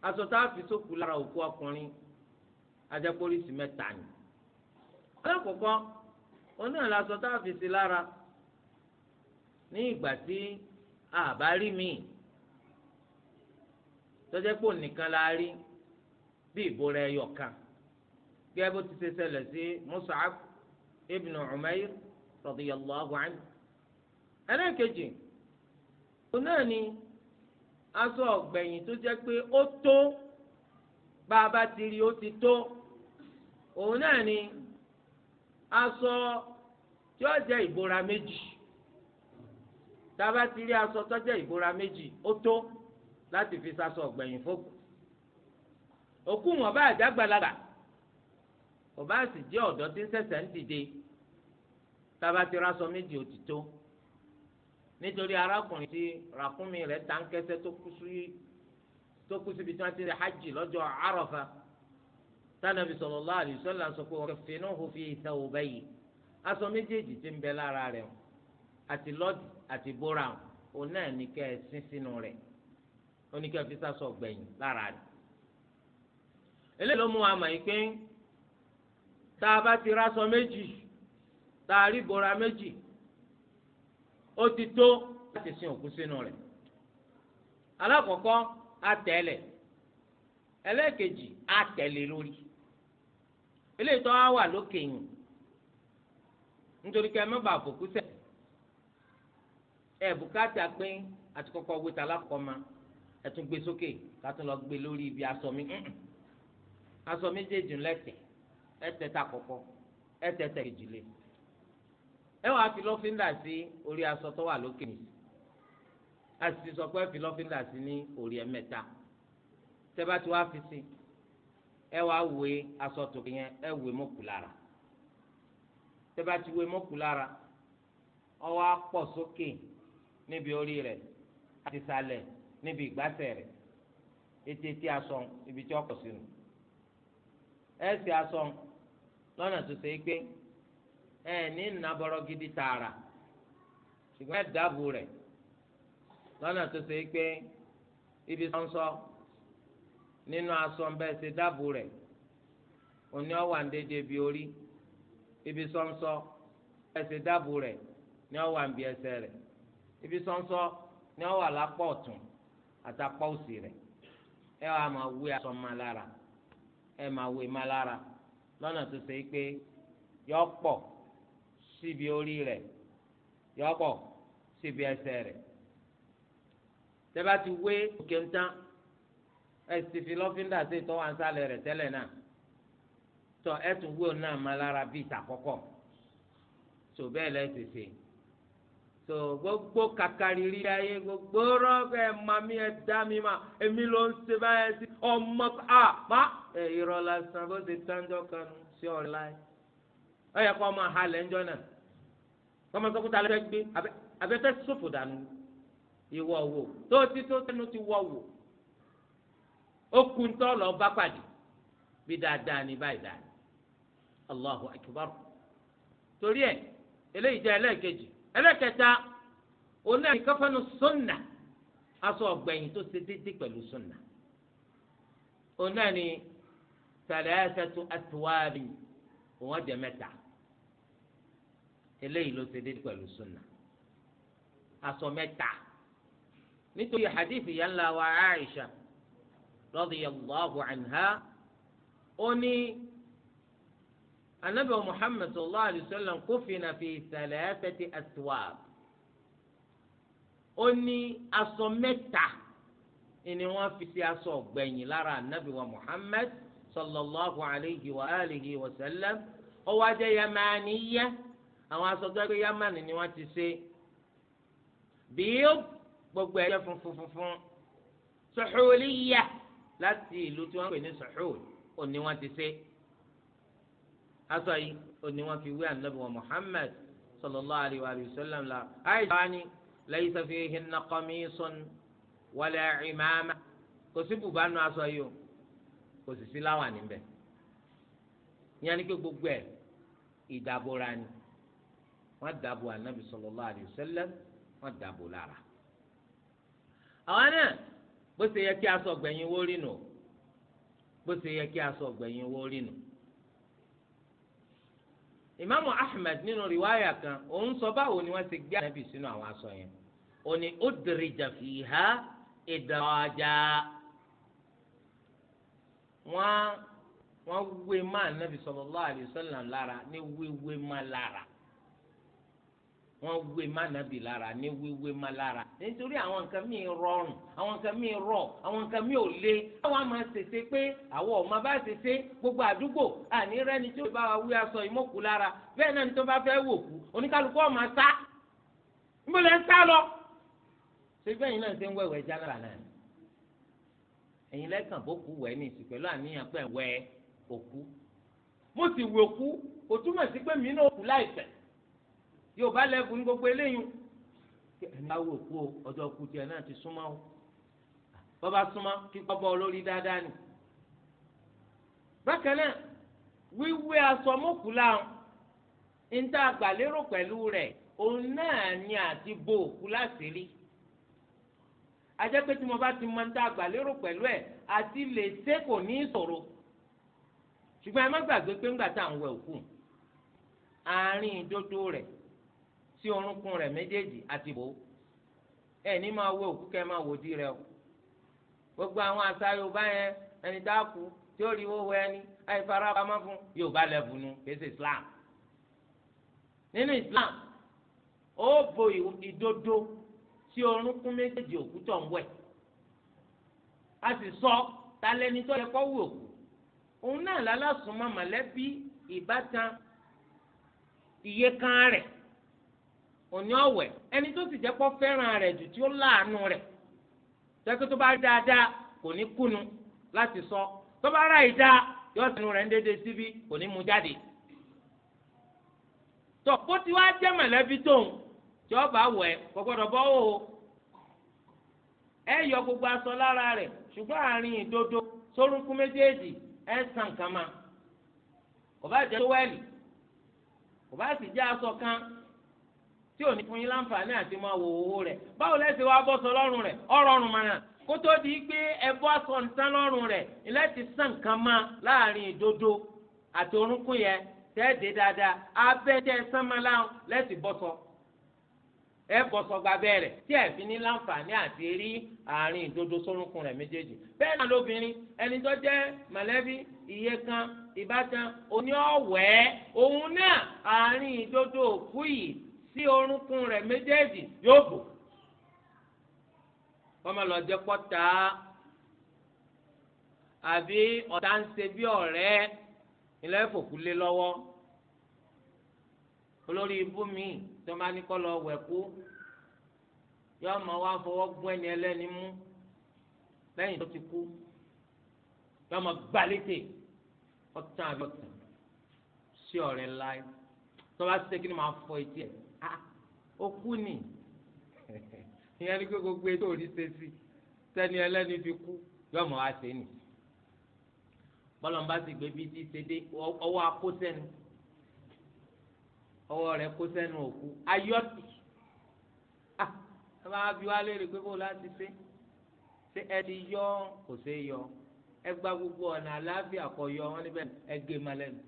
aṣọ tá a fi sókù lára òkú ọkùnrin ajẹ́pọ́lísì mẹ́ta ni. alákọ̀ọ́kọ́ òun náà la aṣọ tá a fi sí lára ní ìgbà tí a bá rí mi tọ́jẹ́ nìkan la rí bí ìbora ẹyọ kan gẹ́gẹ́ bó ti ṣe ṣẹlẹ̀ sí Mus'ab ibn Umair radiyallahu anhu. ẹlẹ́ẹ̀kejì òun náà ni aṣọ ọ̀gbẹ̀yìn tó jẹ́ pé ó tó bá a bá ti rí ó ti tó òun náà ni aṣọ tí ó jẹ́ ìbora méjì tá a bá ti rí aṣọ tó jẹ́ ìbora méjì ó tó láti fi ṣaṣọ ọ̀gbẹ̀yìn fókù òkú wọn bá àjàgbàlagbà ọba sì jẹ́ ọ̀dọ́ tí ń ṣẹ̀ṣẹ̀ ń dìde tá ti rí aṣọ méjì ó ti tó nítorí arákùnrin tí ràkúnmí rẹ̀ táǹkẹ́sẹ́ tó kú sí tó kú síbi tí wọ́n ti rí hajj lọ́jọ́ àròfà tánàbí sallallahu alaihi wasallam sọ pé wọ́n fi náà fi thawbayhi aṣọ méjèèjì ti ń bẹ lára rẹ̀ àti lọ́ọ̀dì àti bóra òun náà ní kẹ́ ẹ sín sínú rẹ̀ ó ní kẹ́ ẹ fi sásọ gbẹ̀yìn lára rẹ̀ eléyìí ló mú wa mọ̀ yìí pé tá a bá ti ráṣọ méjì tá a rí bóra méjì ó ti tó láti sin òkú sínú rẹ̀ alákọ̀ọ́kọ́ atẹ́lẹ̀ ẹlẹ́ẹ̀kejì atẹ́lẹ̀ lórí eléyìí tó wá wà lókè yìí nítorí kẹ́ ẹ mẹ́bàá fòkú sẹ́ ẹ bùkátà pé àti kọ́kọ́ wíta alákọ̀ọ́ ma ẹ tún gbé sókè ká tún lọ gbé lórí ibi aṣọ mi aṣọ méjèèjì lẹ́tẹ̀ ẹ tẹ̀ta kọ̀kọ́ ẹ tẹ̀tẹ̀ kejì lé ẹ wàá fi lọ́fíńdà sí orí aṣọ tó wà lókè mi a sì sọ pé fi lọ́fíńdà sí ní orí ẹ̀mẹ́ta tẹ́bá tí wàá fi sí ẹ wàá wé aṣọ tòkè yẹn ẹ wé mọ́kù lára tẹ́bá tí wé mọ́kù lára ọ wá sókè níbi orí rẹ̀ àti sàlẹ̀ níbi ìgbàsẹ̀ rẹ̀ ètè aṣọ ibi tí ọkọ̀ sínú ẹ aṣọ lọ́nà tó ṣe é pé. ẹ ní nàbọrọ gidi tààrà ṣùgbọ́n ẹ dáàbò rẹ̀ lọ́nà tó ṣe pé ibi sọ́nsọ́ nínú aṣọ bẹ́ẹ̀ ṣe dáàbò rẹ̀ òní bi orí ibi sọ́nsọ́ bẹ́ẹ̀ ṣe dáàbò rẹ̀ ní ọ̀wà ń bi ẹsẹ̀ ibi sọ́nsọ́ ní ọ̀wà ọ̀tún òsì ẹ wàá máa aṣọ máa lára ẹ máa máa lára lọ́nà tó síbi orí rẹ̀ yọ̀bọ̀ síbi ẹsẹ̀ rẹ̀ tẹ́bá ti wé òkè ńtán ẹ̀sì fi lọ́fíńdà sí ìtọ́wà ńsàlẹ̀ rẹ̀ tẹ́lẹ̀ náà tọ́ ẹ̀tún wíwò náà má lára bíi ìtàkọ́kọ́ tó bẹ́ẹ̀ lẹ́sẹ̀ sí i tó gbogbo kàkàrírí ayé gbogbo rọ́ọ̀kẹ́ mami ẹ̀dá mi mà èmi ló ń ṣe báyẹn sí ọmọ a má. ẹ irọ́ lásán bó ṣe tán jọ́ kan sí ọ̀rẹ́ láyé. ọ yẹ kó ọmọ àhálẹ̀ ńjọ́ náà kọ́mọ sọ́kúta lọ́fẹ́ gbé abẹ́fẹ́ sòfò dànù ìwọ wò tó ti tó tẹnu ti wọ wò ó bá pàdé bí dáadáa ní báyìí dáadáa allahu torí ẹ eléyìí jẹ ẹlẹ́ẹ̀kejì tó ṣe ni tàlẹ́ tó àtiwárí òun ọ̀dẹ̀ eléyìí ló ṣe déédéé pẹ̀lú sunna aṣọ mẹ́ta nítorí hadith yẹn la wa aisha radiyallahu anha ó ní anabi muhammad sallallahu alayhi wa sallam kófìnà fi thalathati aswab ó ní aṣọ mẹ́ta ni wọ́n fi sí aṣọ ọ̀gbẹ̀yìn lára anabi wa sallallahu alayhi wa sallam ó wá jẹ́ àwọn aṣọ tó yẹ pé yamani ni wọ́n ti ṣe bíyó gbogbo ẹ̀yẹ funfun funfun sùhùlìyà láti ìlú tí wọ́n pè ní sùhùl òní wọ́n ti ṣe aṣọ yìí òní wọ́n fi wé ànábì wa Muhammad sallallahu alayhi wa sallam la àìsàn wa ni laysa fihinna qamisun wala imama kò sí bùbá nu aṣọ yìí o kò sì sí láwà níbẹ̀ yẹn ni pé gbogbo ẹ̀ ìdàbòrà ni wọ́n dàbò ànábì sallallahu alaihi wasallam wọ́n dàbò lára. àwọn náà bó ṣe yẹ kí aṣọ gbẹ̀yìn wó rí nù bó ṣe yẹ kí aṣọ gbẹ̀yìn wó rí nù. ìmáàmù Ahmed nínú rìwáyà kan òun sọ báwo ni wọ́n ti gbé ànábì sínú àwọn aṣọ yẹn òní ó dirija fiha idraja wọ́n wọ́n wé má ànábì sallallahu alaihi wasallam lára ní wíwé má lára wọ́n wé má nàbì lára ní wíwé má lára nítorí àwọn nǹkan míì rọrùn àwọn nǹkan míì rọ àwọn nǹkan míì ò le àwọn máa ṣèṣe pé àwọn ọmọ bá ṣèṣe gbogbo àdúgbò àní rẹni tí ó bá wí aṣọ ìmọ̀kù lára bẹ́ẹ̀ náà ni tó bá fẹ́ wò kú oníkálukú ọmọ sá níbo lẹ́ ń sá lọ. ṣé bẹ́ẹ̀ náà ṣe ń wẹ̀wẹ̀ jálára náà ẹ̀yin lẹ́kàn bó kú wẹ̀ ní ìsìn pẹ̀lú àníyàn pẹ̀ wẹ̀ òkú mo sì wẹ̀ òkú kò túmọ̀ sí pé mi náà kú láìpẹ́ yóò bá lẹ́bù ní gbogbo eléyìí ẹni awo òkú o ọjọ́ òkú tiẹ̀ náà ti súnmọ́ o bọ́ba súnmọ́ kí bọ́bọ́ olórí dáadáa nì. bákan náà wíwé aṣọ mọ́kù láwọn ń tá a lérò pẹ̀lú rẹ̀ òun náà ni àti bo òkú láti rí ajẹ́ pé tí mo bá ti mọ ń tá a lérò pẹ̀lú ẹ̀ àti lè ṣe kò ní ìṣòro ṣùgbọ́n ẹ má gbàgbé pé ńgbà tá à ń wẹ òkú àárín ìdodo rẹ̀ sí orúnkún rẹ̀ méjèèjì àti bò ẹ ní máa wo òkú kẹ́ máa wò di rẹ o gbogbo àwọn àṣà yorùbá yẹn ẹni tá a kú tí ó rí owó ẹni àìfarapamọ́ fún yorùbá lẹ́bùnú kìí ṣe islam nínú islam ó bo ìdodo sí orúnkún méjèèjì òkú tó ń wẹ̀ a sì sọ talẹ́ni tó yẹ kó wù òkú òun náà lálásùnmọ́ mọ̀lẹ́bí ìbátan iye kan rẹ̀ òní ọ̀wẹ̀ ẹni tó sì jẹ́ pọ́ fẹ́ràn rẹ̀ jù tí ó láàánú rẹ̀ jẹ́ tó bá dáadáa kò ní kùnú láti sọ tó bá ra ìdá yóò sẹ́nu rẹ̀ ń dédé síbi kò ní mú jáde. tó bó ti wá jẹ́ mọ̀lẹ́bí tóun tí ó bá wẹ̀ kò gbọ́dọ̀ bọ́ wò ó ẹ yọ gbogbo aṣọ lára rẹ̀ ṣùgbọ́n àárín ìdodo sórúnkún méjèèjì ẹ sàn kàn máa kò bá jẹ́ tówẹ́lì kò bá sì jẹ́ aṣọ kan tí ò ní fún yín láǹfààní àti máa wò owó rẹ̀ báwo lẹ́sẹ̀ wá bọ́ sọ lọ́rùn rẹ̀ ọ̀rọ̀ ọ̀rùn mọ́nà kó tó di pé ẹbọ aṣọ nǹkan lọ́rùn rẹ̀ ilẹ̀ ti sàn kan mọ́ láàrin ìdodo àti orúnkún yẹn tẹ́ẹ̀dé dáadáa abẹ́ tẹ́ ẹ sánmọ́lá lẹ́sì bọ́sọ ẹ bọ́sọ gba bẹ́ẹ̀rẹ̀ tí ẹ fi ní láǹfààní àti rí àárín ìdodo sórúnkún rẹ̀ méjèèjì bẹ́ẹ̀ náà lóbìnrin ẹni tó jẹ́ mọ̀lẹ́bí iye kan ìbátan oní ọ̀wẹ́ òun náà àárín ìdodo òkú yìí sí orúnkún rẹ̀ méjèèjì yóò bò kọ́mọ lọ jẹ́ pọ́tà àbí ọ̀tá ń ṣe bí ọ̀rẹ́ ilẹ̀ ìfòkúlé lọ́wọ́ olórí ibú mi tó máa ní kọ́ lọ wẹ̀ kú yóò máa wá fọwọ́ gún ẹni ẹlẹ́ni mú lẹ́yìn tó ti kú yóò máa gbalẹ́tẹ̀ ọ̀tá àbí ọ̀tá sí ọ̀rẹ́ láì tó bá ṣe kí ni màá fọ etí ẹ̀. Ah, okú ni ìyẹn ni pé gbogbo ètò òní ṣe sí sẹ́ni ẹlẹ́ni fi kú yọmọ wa ṣe nì bọ́lọ̀mbá sì gbé bí ti ṣe dé ọwọ́ akó sẹ́nu ọwọ́ rẹ̀ kó sẹ́nu òkú ayọ́tì ah ẹ máa bí wá léèrè pé kó láti ṣe ṣé ẹ ti yọ kò ṣe é yọ ẹ gba gbogbo ọ̀nà àlàáfíà kọ yọ wọn níbẹ̀ ẹ gé e ma lẹ́nu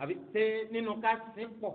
àbí ṣé nínú ká sí pọ̀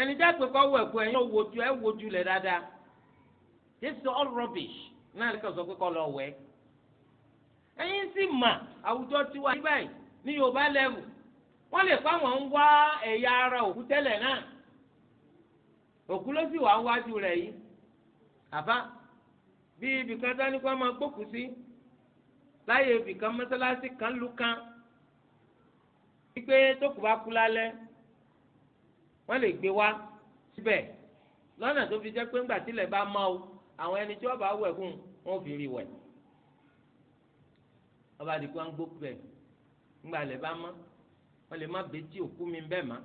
ẹni tí a pè kọ́ wọ ẹ̀kú ẹ̀ yóò wojú ẹ̀ wojú lẹ̀ dáadáa this is all rubbish náà lè kàn sọ pé kọ́ lọ wẹ̀ ẹ̀yin sì mà àwùjọ tiwa ní Yorùbá lẹ́wù wọ́n lè àwọn ara òkú tẹ́lẹ̀ náà òkú ló sì wà wájú rẹ̀ yìí àbá bí sani kó máa sí láyé mọ́sálásí kan lù kan wípé tó kù bá wọ́n lè gbé wá síbẹ̀ lọ́nà tó fi jẹ́ pé ńgbà tílẹ̀ bá mọ́ o àwọn ẹni tí wọ́n bá wẹ̀ kún wọ́n fi rí wẹ̀ wọ́n bá di kó ń gbókù bẹ̀ ńgbà lẹ̀ bá mọ́ wọ́n lè má betí òkú mi bẹ́ẹ̀ mọ́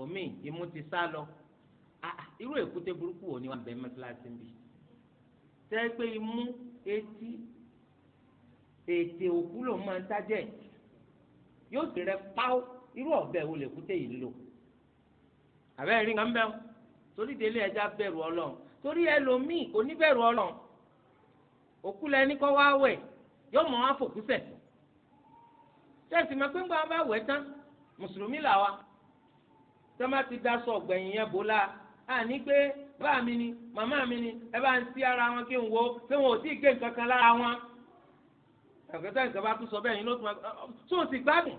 omi imú ti sá lọ ah, irú èkúté burúkú wo ni wọ́n bẹ̀ mọ́tíláṣí bí tẹ́ pé imú etí ètè òkú lòún máa ń tájẹ̀ yóò sì rẹ pàó irú ọ̀bẹ wo lèkúté yìí lò àbẹ́ rí nǹkan bẹ́ẹ̀ torí délé ẹja bẹ̀rù ọlọ́run torí ẹlòmíì kò ní bẹ̀rù ọlọ́run òkú lẹni kọ́ wá wẹ̀ yóò mọ̀ wá fòkú sẹ̀sìn sẹ́sì máa pé ńgbà wọn bá wẹ̀ tán mùsùlùmí là wa tẹ́lẹ̀ ti daṣọ ọ̀gbẹ̀yìn yẹn bò la àní pé báà mi ni màmá mi ni ẹ bá ń sí ara wọn kí n wo pé wọn ò tí ì gé nǹkan kan lára wọn ẹ̀kọ́tà nǹkan bá tún sọ bẹ́ẹ̀ yín ló tún tó sì gbádùn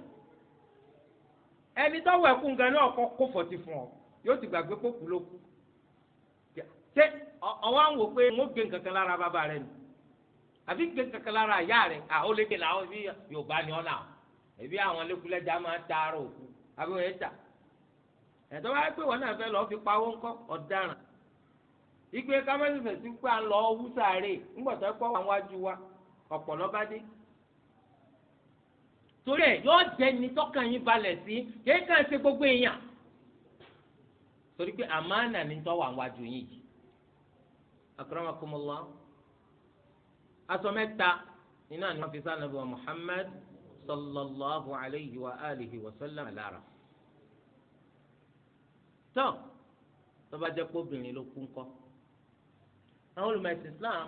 ẹni tó wẹ̀ kú nǹkan náà kọ́ kó fọ̀tì fún ọ yóò ti gbàgbé kókù ló kù ṣé nwoke àwọn wò pé wọ́n gé nǹkan lára bàbá rẹ nù àbí gé nǹkan lára ìyá rẹ àwọn olè kele bí Yorùbá ni ẹbí àwọn máa taara òkú àbí ta wáyé pé wọn náà fẹ́ lọ́ọ́ fi pawó ńkọ́ ọ̀daràn ìgbé pé à ń lọ wú sáré wájú wa dé torí yóò jẹ́ yín balẹ̀ sí ṣe gbogbo èèyàn torí pé àmánà ni tó wà wájú yín yìí akramakumullah aṣọ mẹ́ta nínú àná fi sáà nàbẹ Muhammad sallallahu alayhi wa alihi wa sallam lára tó tó bá jẹ́ pé obìnrin ló kú ńkọ́ àwọn olùmọ̀ẹ̀sìn Islam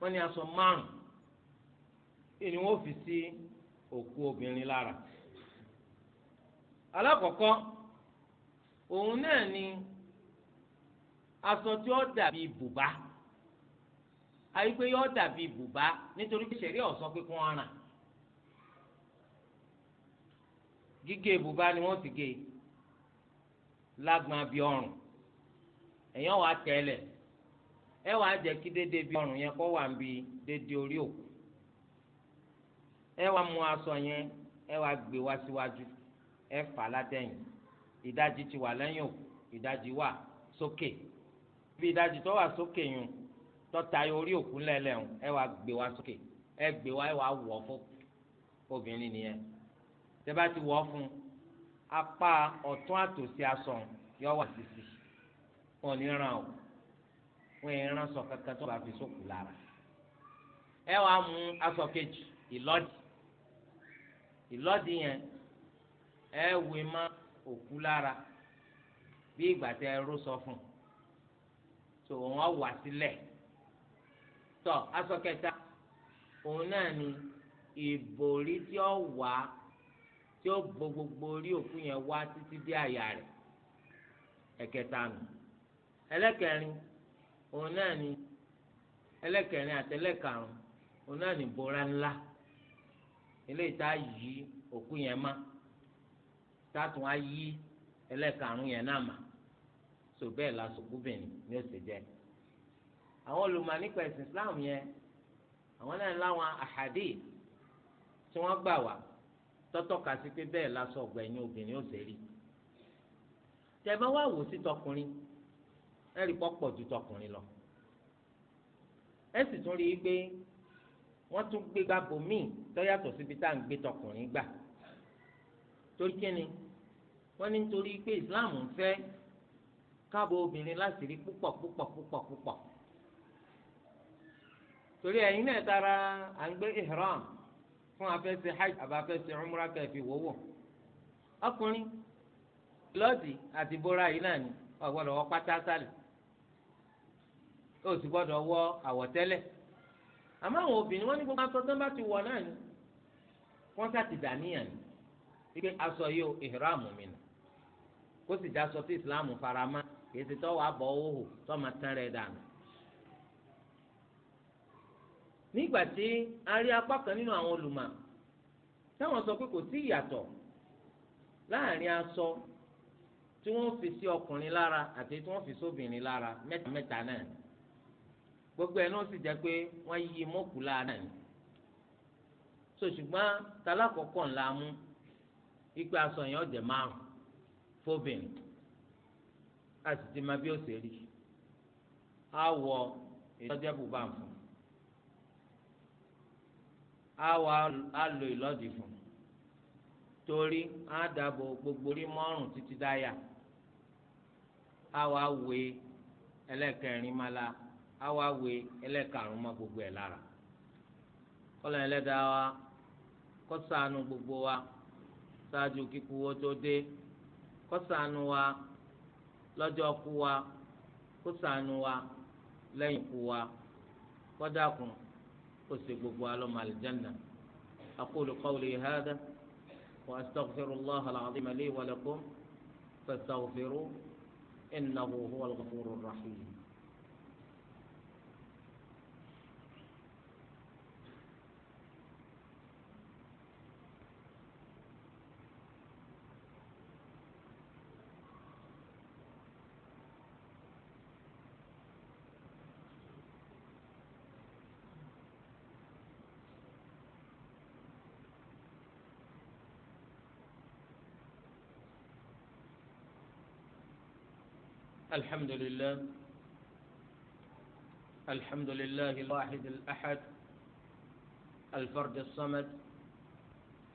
wọ́n ní aṣọ márùn ni wọ́n fi sí òkú obìnrin lára alákọ̀ọ́kọ́ òun náà ni aṣọ tí ó dàbí bùbá àyípé yóò dàbí bùbá nítorí pé sẹ̀rí ọ̀sọ́ pé ọ̀ràn gígé bùbá ni wọ́n ti gé lágbọn abí ọrùn èèyàn wàá tẹ́lẹ̀ ẹ wàá jẹ́ kí dédé bí ọrùn yẹn kọ́ wà ń bi dédé orí òkú ẹ wàá mú aṣọ yẹn ẹ wàá gbé wá síwájú ẹ fà látẹ̀yìn ìdajì ti wà lẹ́yìn òkú ìdajì wà sókè bí ìdajì tó wà sókè yùn tó tayọ orí òkú lẹ́lẹ́hùn ẹ wá gbé wá sókè ẹ gbé wá ẹ wá wọ̀ fún obìnrin nìyẹn tẹ́ bá ti wọ̀ fún apá ọ̀tún àtòsí asọ̀n yọ wà sísì wọn ní ràn o wọn yẹn ràn sọ kankan tó bá fi sókù lára ẹ wàá mú aṣọ kejì ìlọ́dì ìlọ́dì yẹn ẹ wé má òkú lára bí ìgbà tẹ ẹrú sọ fún tó wọn wà sílẹ̀ tó aṣọ kẹta òun náà ni ìbòrí tí ó wà tí ó bo gbogbo orí òkú yẹn wá títí dé àyà rẹ̀ ẹ̀kẹta nù ẹlẹ́kẹrin òun náà ni ẹlẹ́kẹrin àtẹlẹ́karùn òun náà ni ìbora ńlá eléyìí tá a yí òkú yẹn má tààtùn á yí ẹlẹ́karùn-ún yẹn náà mà so bẹ́ẹ̀ la sòkúbìnrin ni ó sì jẹ́ àwọn olùmọ̀ nípa ẹ̀sìn Islam yẹn àwọn náà láwọn àhàdì tí wọ́n gbà wá tọ́tọ́ka sí pé bẹ́ẹ̀ la sọ ọ̀gbẹ́yìn obìnrin ó sì rí tẹ̀mẹ́ wá wò sí tọkùnrin ẹ̀rí pọ̀ ju tọkùnrin lọ ẹ sì tún rí i pé wọ́n tún gbé gbàbọ̀ míì tó síbi tá à ń gbé tọkùnrin gbà torí kí ni wọ́n ní nítorí pé islam ń fẹ́ káàbọ̀ obìnrin láti rí púpọ̀ púpọ̀ púpọ̀ púpọ̀ torí ẹ̀yin náà tara à ń gbé ihram fún afẹ́sẹ̀ hajj àbáfẹ́sẹ̀ umrah kẹfì wọ́wọ́ ọkùnrin lọ́ọ̀dì àti bóra yìí náà ni ó gbọ́dọ̀ wọ pátá sálẹ̀ ó sì gbọ́dọ̀ wọ àwọ̀tẹ́lẹ̀ àmọ́ àwọn obìnrin wọ́n ní gbogbo aṣọ tán bá ti wọ̀ náà ni wọ́n sá ti dàníyàn ni wípé aṣọ yìí o ihram mi nù kó sì já sọ tí islam farama èsì tó wàá bọ̀ owó hù tó máa tán rẹ̀ dànù. nígbà tí a rí apá kan nínú àwọn olùmọ̀ táwọn sọ pé kò sí ìyàtọ̀ láàrin aṣọ tí wọ́n fi sí ọkùnrin lára àti tí wọ́n fi sóbìnrin lára mẹ́ta mẹ́ta náà gbogbo ẹ̀ náà sì jẹ́ pé wọ́n yí mọ́kù lára ni so ṣùgbọ́n talákọ̀ọ́kọ́ ńlá mú ipe aṣọ yẹn ọ̀jẹ̀ márùn fóbìnrin a sì ti máa bí ó ṣe rí a wọ ìtọ́jú fún a wọ a fún torí a gbogbo rí mọ́rùn títí dáyà a wọ awé ẹlẹ́kẹrin la a wọ awé ẹlẹ́karùn gbogbo ẹ̀ lára kọ́lọ̀ ẹlẹ́dàá wa gbogbo wa ṣáájú kíkú owó tó dé. kó ṣàánú wa lọ́jọ́ kú wa kó ṣàánú wa lẹ́yìn kú wa kó dákun kó ṣe gbogbo alọ́mọ àlìjáná aqulu qawli hadha wa astaghfirullaha al-azima li wa lakum fastaghfiruhu innahu huwal ghafurur rahim. الحمد لله الحمد لله الواحد الأحد الفرد الصمد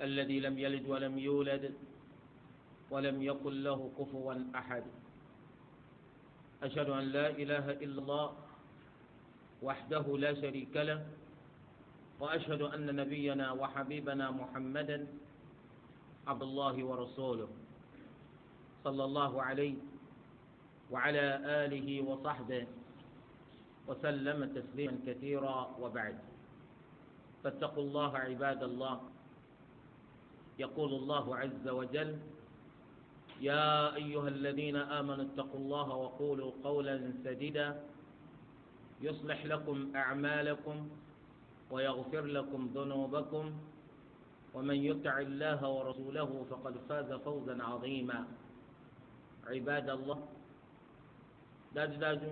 الذي لم يلد ولم يولد ولم يقل له كفوا أحد أشهد أن لا إله إلا الله وحده لا شريك له وأشهد أن نبينا وحبيبنا محمدا عبد الله ورسوله صلى الله عليه وعلى آله وصحبه وسلم تسليما كثيرا وبعد فاتقوا الله عباد الله يقول الله عز وجل يا أيها الذين آمنوا اتقوا الله وقولوا قولا سديدا يصلح لكم أعمالكم ويغفر لكم ذنوبكم ومن يطع الله ورسوله فقد فاز فوزا عظيما عباد الله dájúdájú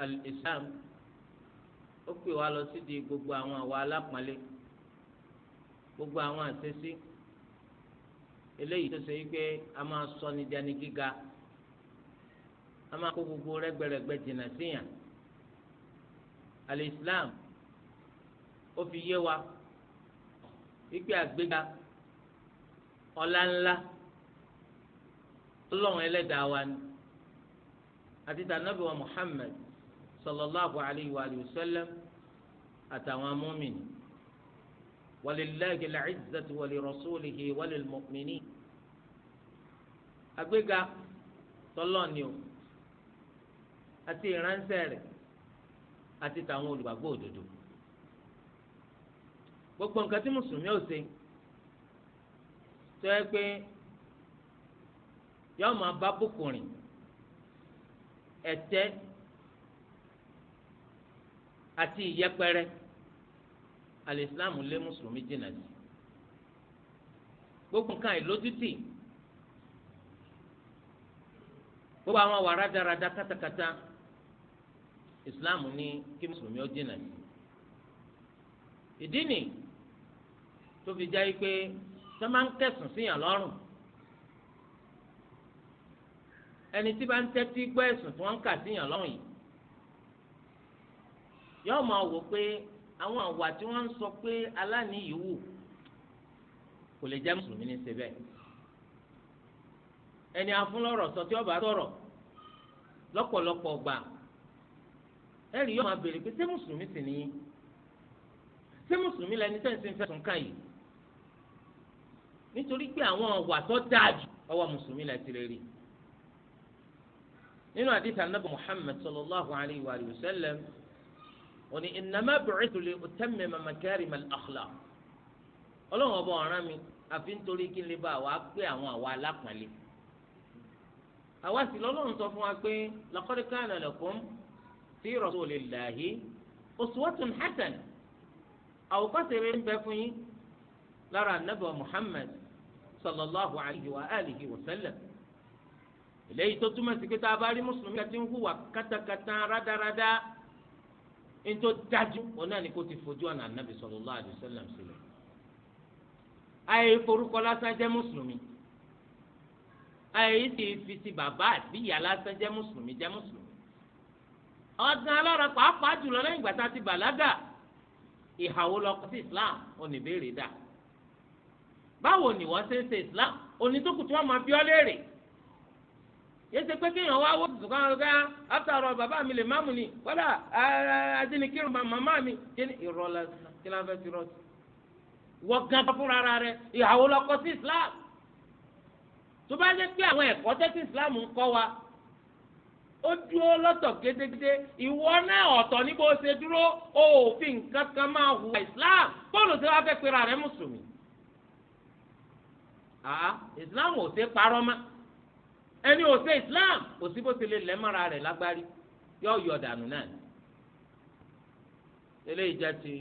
al-islam ó pè wá lọ sídìí gbogbo àwọn àwa alápọ̀nlé gbogbo àwọn àṣẹṣe eléyìí tó ṣe wípé a máa sọ ní dání gíga a máa kó gbogbo rẹ́gbẹ̀rẹ́gbẹ̀ jìnnà síyàn al-islam ó fi yé wa wípé àgbéga ọlá ńlá ọlọ́run ẹlẹ́dàá wa ni àti tànàbí wa Muhammad sallallahu alayhi wa sallam àtàwọn mọ́mìnì walillahi al-izzatu wa li rasulihi wa lil mu'minin. àgbéga tọ́lọ́ọ̀ni o àti ìránṣẹ́ rẹ̀ àti tàwọn olùgbàgbọ́ òdodo gbogbo nǹkan tí mùsùlùmí ò ṣe tó yẹ pé yọọ máa bá bùkùnrin ẹ̀tẹ́ àti ìyẹpẹrẹ alìsílámù lé mùsùlùmí jìnnà sí gbogbo nǹkan ìlójútì gbogbo àwọn wàrà dáradá kátàkátà ìsìláàmù ní kí mùsùlùmí ó jìnnà sí ìdí nì tó fi já yí pé sọ máa ń kẹsùn síyàn lọ́rùn ẹni tí bá ń tẹ́tí gbọ́ ẹ̀sùn tí wọ́n ń kà síyàn lọ́rùn yìí yóò máa wò pé àwọn àwà tí wọ́n ń sọ pé aláàní yìí wù kò lè jẹ́ mùsùlùmí ní ṣe bẹ́ẹ̀ ẹni afúnlọ́rọ̀ sọ tí ọba sọ̀rọ̀ lọ́pọ̀lọpọ̀ gbà ẹ̀rí yóò máa béèrè pé ṣé mùsùlùmí sì ni ṣé mùsùlùmí lẹni tẹ́ǹsì ń fẹ̀sùn kàn yìí nítorí pé àwọn àwà tó dáa jù ọwọ́ mùsùlùmí lẹ ti lè rí nínú àdìsá nàbì muhammed sallallahu alayhi wa sallam òní innama bu'ithu li utammima makarima al-akhlaq ọlọ́run ọba ọ̀ràn mi àfi nítorí kí n lè bá wa pé àwọn àwa alápọ̀nlé àwa sì lọ́lọ́run sọ fún wa pé laqad kana lakum fi rasulillahi uswatun hasan àwòkọ́ṣe rere ń bẹ fún yín lára nàbì muhammed sallallahu alayhi wa sallam eléyìí tó túmọ̀ sí pé tá a bá rí mùsùlùmí kàtí ń hùwà kátàkátà rádaràdá ń tó dájú òun náà ni kò ti fojú ọ̀nà ànábì sallallahu alaihi wasallam sílẹ̀ àyè forúkọ lásán jẹ́ mùsùlùmí àyè sì fi ti bàbá àti ìyá lásán jẹ́ mùsùlùmí jẹ́ mùsùlùmí ọ̀gá alára pàápàá jùlọ lẹ́yìn ìgbà ti bàlágà ìhàwó lọkọ sí Islam oníbèrè dà báwo ni wọ́n ṣe ń ṣe Islam onítókùtù wọn máa bí ọ léèrè yéésì pé kéèyàn wá wó tuntun kan ọgá after all bàbá mi lè máàmù ni kódà adínikírù màmá mi kíni ìrọ̀lẹ́ kíni afẹ́ ti rọ̀ wọ́n gan fúnra ara rẹ̀ ìhàwó lọ́kọ́ sí Islam tó bá dé pé àwọn ẹ̀kọ́ tẹ́sí Islam ń kọ́ wa ó dúró lọ́tọ̀ gédégédé ìwọ náà ọ̀tọ̀ ní bó ṣe dúró òfin nǹkan kan máa hùwà Islam bóòlù tí wọ́n fẹ́ pera rẹ̀ mùsùlùmí. Islam ò ṣe parọ́ máa ẹni ò ṣe islam kò sí bó ti lè lẹ́mọ́ra rẹ̀ lágbárí yọ yọ dànù náà eléyìí jẹ́ ti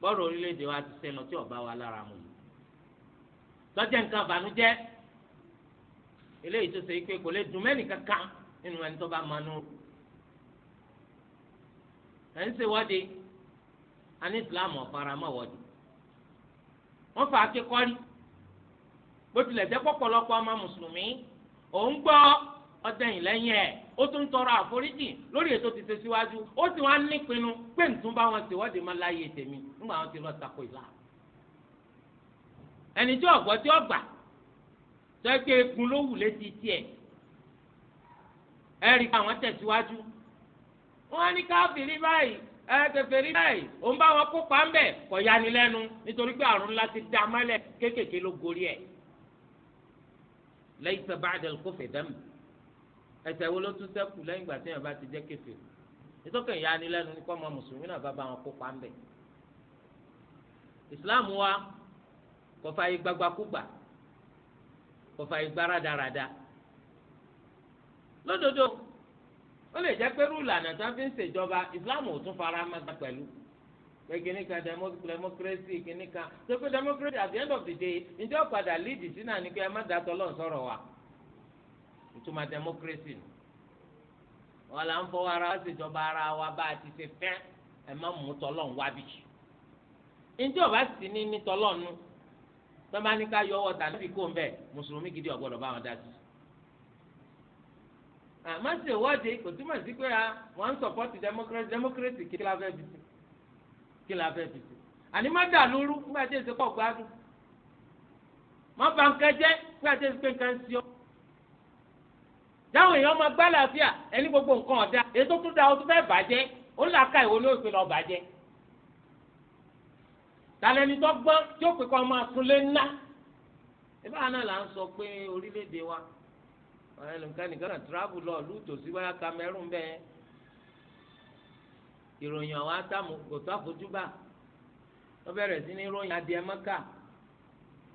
bọ́ọ̀rọ̀ orílẹ̀-èdè wa ti sẹ́nu tí ọba wa lára mu yìí lọ́jọ́ nǹkan àbànújẹ́ eléyìí tó ṣe pé kò lè dùn mẹ́nì kankan nínú ẹni tó bá manú ẹ̀ ń ṣèwọ́de àní islam ọ̀faramọ́ wọ́de wọ́n fà á ké kọ́rí bó tilẹ̀ jẹ́ pọ̀pọ̀lọpọ̀ ọmọ mùsùlùmí òun gbọ́ ọdẹyìn lẹ́yìn ẹ̀ ó tún tọrọ àforíjì lórí ètò ti ṣe síwájú ó sì wá nípinnu pé ntún bá wọn ṣèwọ́de máa láyé tèmi nígbà wọn ti lọ tako ìlà ẹni tí ọ̀gbọ́ tí ọ̀gbà tẹ́gbẹ́ egun ló wù létí tiẹ̀ ẹ̀rí ká wọn tẹ̀síwájú wọn á ní káfíìrì báyìí ẹ kèfèrí báyìí òun bá wọn kópa ńbẹ kò yanilẹ́nu nítorí pé àrùn ńlá ti dá mọ́lẹ̀ kéékèèké ló gorí ẹ̀ laysa ba'da al-kufri dam ẹ̀ṣẹ̀ wo ló tún ṣẹ́kù lẹ́yìn ìgbà tí èèyàn bá ti jẹ́ kèfèrí ìtọ́kẹ̀ ìyanilẹ́nu ní kọ́ ọmọ mùsùlùmí náà bá bá wọn kópa ń bẹ̀. ìsìláàmù wa kò fààyè gbagbakúgbà kò fààyè gbáradàradà lódodo ó lè jẹ́ pé rúùlù ànàtà fi ń ṣèjọba ìsìláàmù ò tún fara mọ́ pẹ̀lú. pé kíní kan democracy kíní kan tó pé democracy at the end of the day ǹjẹ́ ọ̀padà lead sí náà ni pé ẹ má dàtọ̀ lọ́n sọ̀rọ̀ wa ìtumọ̀ democracy nù wọn là ń fọwọ́ ara wa ṣèjọba ara wa bá a ti ṣe fẹ́ ẹ má mú sì ní ní nu bá ní ká yọ ọwọ́ tà níbi kó ń bẹ̀ mùsùlùmí gidi ọ̀gbọ́dọ̀ bá wọn dá sí àmọ́ kò túmọ̀ sí pé wọ́n ń democracy kí kí la fẹ́ fi ṣe àní má dà lóru nígbà tí èsì pọ̀ gbádùn má ba nǹkan jẹ́ nígbà tí èsì pé nǹkan ń ṣe ọ́ dáhùn èèyàn máa gbá làáfíà ẹni gbogbo nǹkan ọ̀dà èyí tó tún da o tún fẹ́ bàjẹ́ ó là ká ìwọ ní òpin lọ bàjẹ́ tàlẹ́ni tó gbọ́n tí ó pè kọ́ máa sunlé ńlá ìbá náà là ń sọ pé orílẹ̀-èdè wa ẹnìkan nìkan náà travel lọ lùtò sí wáyà Cameroon bẹ́ẹ̀ ìròyìn àwọn átámù kò tó àfojúbà wọ́n bẹ̀rẹ̀ sí ní ròyìn adìẹ mọ́kà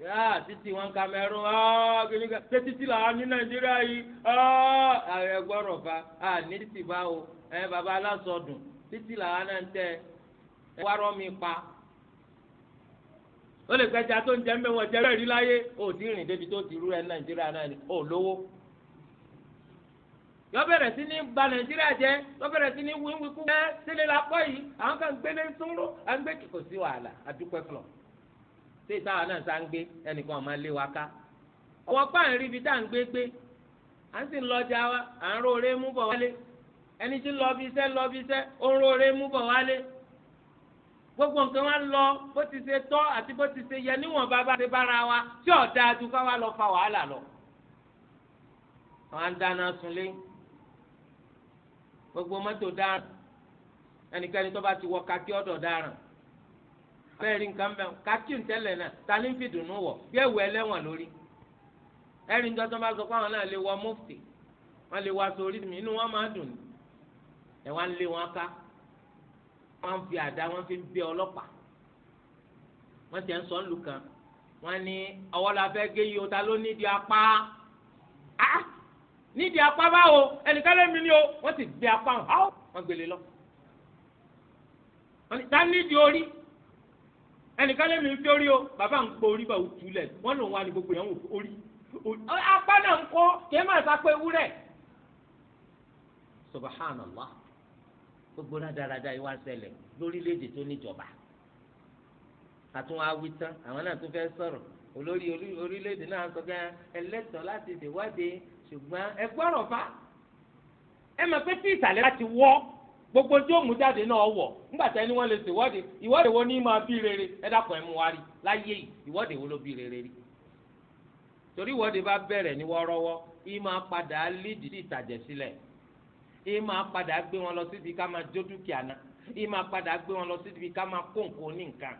yáà títí wọn Cameroon ọ́ọ́ kìíní ká pé títí ní Nàìjíríà yìí ọ́ọ́ ààrẹ gbọ́rọ̀ fa à ní títí o ẹ bàbá aláṣọdùn títí náà tẹ ẹ wá pa ó lè yọ bẹ̀rẹ̀ sí ní ba nàìjíríà jẹ́ yọ bẹ̀rẹ̀ sí ní wíwíkú. ẹ sílẹ̀ la pọ̀ yìí àwọn kan gbélé sóró à ń gbé kò sí wàhálà àdúpẹ́ fúlọ̀. ṣé ìtawà náà sá ń gbé ẹnìkan ọ̀ máa lé wa ká. ọwọ́ pa ń rí ibi tá à ń gbé gbé à ń sì ń lọ́jà wa à ń róore mú bọ̀ wálé ẹni tí lọ bí iṣẹ́ lọ bí iṣẹ́ ó ń róore mú bọ̀ wálé. gbogbo nǹkan wa lọ bó ti ṣe tọ́ àti bó ti ṣe yẹ níwọ̀n bàbá ṣe bára wa tí ọ̀dà àdúgbò wa lọ fa wàhálà lọ. àwọn dáná sunlé gbogbo mọ́tò dáràn ẹnikẹ́ni tó bá ti wọ kakí ọ̀dọ̀ dáràn bẹ́ẹ̀ rí nǹkan bẹ́ẹ̀ kakí ntẹ́lẹ̀ náà ta ní fi dùnú wọ̀ bí ẹ̀wù ẹlẹ́wọ̀n lórí ẹ̀rín tó tó bá sọ pé náà lè wọ mufti wọ́n lè wọ aṣọ orí mi inú wọn máa dùn ní ẹ̀ wọ́n lé wọn ká wọ́n fi àdá wọ́n fi bẹ́ ọlọ́pàá wọ́n ti ń sọ ńlù kan wọ́n ní ọwọ́ la fẹ́ gé yìí o ta ló ní di apá á ah! nídìí apá báwo ẹnìkan lẹ́mi ni o wọ́n ti gbé apá hàn áwọ̀ wọ́n gbélé lọ. wọ́n ní ta nídìí orí ẹnìkan lẹ́mi fi orí o bàbá ń gbọ́ orí bá o tù lẹ̀ wọ́n lòun wà ní gbogbo yẹn orí apá náà ń kọ́ kí má sá pé wúrẹ̀. subhanallah gbogbo náà dáradára yìí wá ń ṣẹlẹ̀ lórílẹ̀‐èdè tó níjọba àtúnwá wí tán àwọn náà tún fẹ́ sọ̀rọ̀ olórí orílẹ̀-èdè náà sọ pé ẹlẹ́tọ̀ọ́ láti ṣèwádìí ṣùgbọ́n ẹ gbọ́rọ̀ fa ẹ mọ̀ pé tí ìsàlẹ̀ bá ti wọ́ gbogbo tí ó mú jáde náà wọ̀ nígbà tí ẹni wọ́n lè ṣèwọ́de ìwọ́de wo ní máa bí rere ẹ dákun ẹ mú wa rí láyé yìí ìwọ́de wo ló bí rere rí torí ìwọ́de bá bẹ̀rẹ̀ ní wọ́ọ́rọ́wọ́ ìyí máa padà lídì sí ìtàjẹ̀ sílẹ̀ ìyí máa padà gbé wọn lọ síbi ká máa jó dúkìá náà ìyí máa padà gbé wọn lọ síbi ká máa kó nǹkan oníǹkan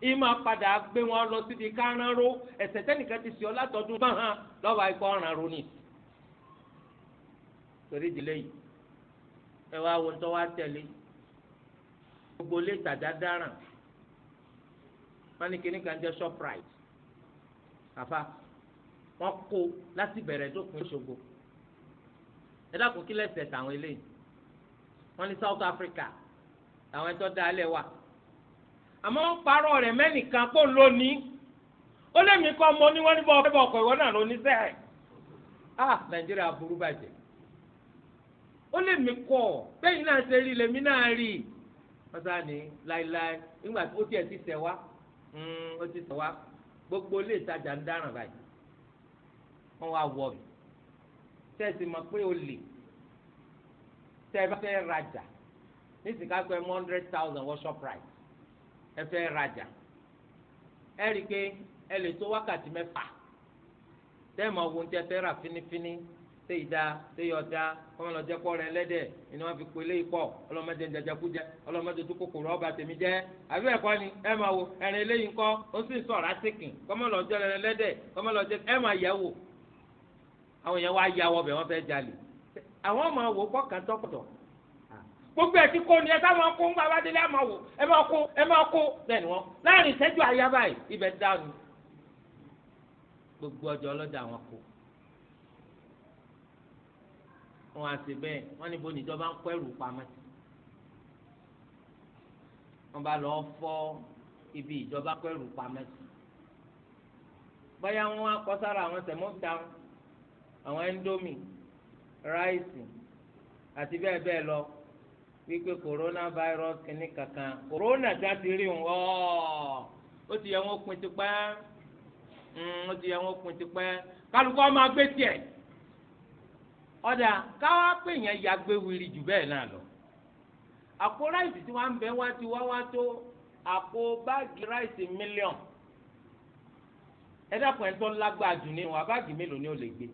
ìmọ̀ padà gbé wọn lọ síbi kárànró ẹ̀sẹ̀ tẹ́nìkan ti sọ látọdún bá hàn lọ́wọ́ ikọ̀ ọ̀ràn ronì. torí ìdílé yìí ẹ wá wo tó tẹ̀lé gbogbo ilé ìtajà dáràn wọn ní kíní kan jẹ́ shoprite àfa wọn kó láti bẹ̀rẹ̀ dópin ṣògo ẹ dákun kí lẹ́sẹ̀ tàwọn eléyìí wọn ní South Africa làwọn ẹjọ́ dá alẹ́ wà. àmọ́ ń parọ́ rẹ̀ mẹ́nìkan pò lónìí ó lé mi kọ́ mọ níwọ́n níbọ̀ ọ̀fẹ́ bọ̀ ọkọ̀ ìwọ náà lóní sẹ́ẹ̀ ah, nàìjíríà burú bàjẹ́ ó lé mi kọ́ bẹ́yìn náà ṣe rí lèmi náà rí pátá ni láéláé nígbà tó tiẹ̀ ti tẹ̀ wá hmm, ó ti tẹ̀ wá gbogbo ilé ìtajà ń dáràn báyìí wọ́n wá wọ̀ mí tẹ́sí mọ̀ pé ó lè tẹ́ ẹ bá fẹ́ rajà ní sìkà pé one hundred thousand wọ́n Shoprite Efe fẹ́ rajà ẹ pé ẹ lè tó wákàtí mẹ́fà tẹ́ẹ̀mọ̀ ohun tí ẹ te rà fínífíní tẹ́ ìdá tẹ́ ìyọ̀dá ọmọ lọ jẹ́ pọ́ọ̀rọ̀ ẹlẹ́dẹ̀ ni wọ́n fi pèlè tó kòkòrò ọba tèmi jẹ àbí ẹ̀kọ́ ni ẹ máa wo ó sì àtìkìn ẹ máa yẹ wò àwọn yẹn wá yà gbogbo ẹ̀ ti kó ni ẹ sá máa kó ń abádélé àmọ́ wò ẹ máa kó ẹ máa kó bẹ́ẹ̀ ni wọ́n láàrin ìṣẹ́jú àyà báyìí ibẹ̀ dànù gbogbo ọjà ọlọ́jà wọn kó wọn àti bẹ́ẹ̀ wọ́n níbo níjọba ń kó ẹrù pamọ́ wọ́n bá lọ fọ́ ibi ìjọba kó ẹrù pamọ́ báyà wọn akọ sára àwọn tẹmọ́tà àwọn ẹńdómì ráìsì àti bẹ́ẹ̀ bẹ́ẹ̀ lọ wípé corona virus kìíní kankan corona ti a ti rí ń wọ́ ó ti yẹ wọn pin tipẹ́ hmm, ó ti yẹ wọn pin tipẹ́ kálukú ọmọ agbé tiẹ̀ ọ̀dà káwá pé yẹn yàgbé wiri jù bẹ́ẹ̀ náà lọ àpò ráìsì tí wọ́n ń bẹ wá ti wá wá tó àpò báàgì ráìsì mílíọ̀n ẹ dákun ẹ tó lágbára jù ní wọn báàgì mélòó ni ó lè gbé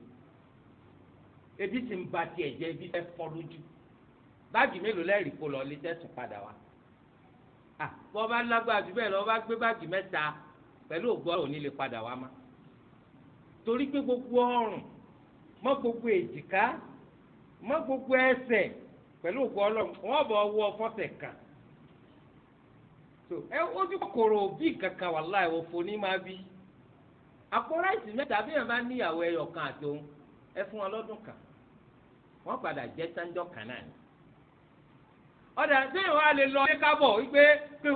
ebi ti ń ba tiẹ̀ jẹ́ ebi fẹ́ fọ́ lójú báàgì mélòó lẹ́rìí kó lọ lé padà wá. bọ́ bá lágbára bẹ́ẹ̀ lọ bá gbé báàgì mẹ́ta pẹ̀lú ògbọ́rọ̀ òní lè padà wá má. torí pé gbogbo ọrùn mọ́ gbogbo èjìká mọ́ gbogbo ẹsẹ̀ pẹ̀lú ògbọ́rọ̀ wọ́n bọ̀ wọ fọ́sẹ̀ kan. ẹ kankan wà láì máa bí. mẹ́ta bí ẹ̀ bá níyàwó ẹ fún kan wọ́n padà jẹ́ ọ̀dà sẹ́yìn wa lè lọ kábọ̀ wípé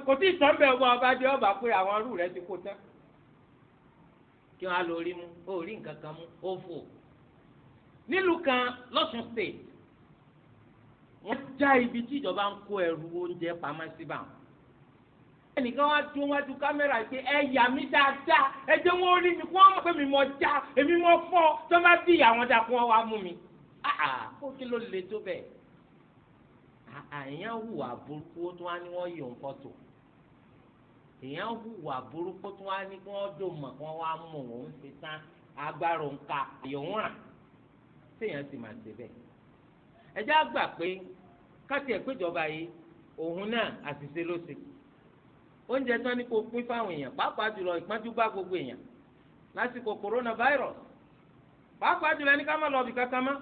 kò tí ì sọ́nbẹ̀ ọmọ ọba dé ọba pé àwọn arú rẹ ti kó tán kí wọ́n á lọ rí mu ó rí nǹkan kan mú ó fò nílùú kan lọ́sùn state wọ́n já ibi tí ìjọba ń kó ẹrù oúnjẹ pamọ́ sí báwọn ẹnìkan wá dún wájú kámẹ́rà pé ẹ yà mí dáadáa ẹ jẹ́ wọ́n rí mi kó wọ́n mọ̀ pé mi mọ̀ já èmi mọ̀ fọ́ tó bá bí àwọn dà kó wọ́n wá mú mi. kó kí ló le tó bẹ́ẹ̀ èèyàn hùwà burúkú tó wá ní wọ́n yọ̀ ń fọ́tò èèyàn hùwà burúkú tó wá ní wọ́n dò mọ̀ kí wọ́n wá mọ̀ òun ṣe tán agbára òǹkà èèyàn rà téèyàn sì máa ṣe bẹ́ẹ̀. ẹ já gbà pé káti ẹ̀ péjọba yìí òun náà àṣìṣe ló ṣe oúnjẹ tán ní kó pín fáwọn èèyàn pàápàá jùlọ ìpọ́njú bá gbogbo èèyàn lásìkò coronavirus pàápàá jùlọ ẹni ká má lọ bì kankan mọ́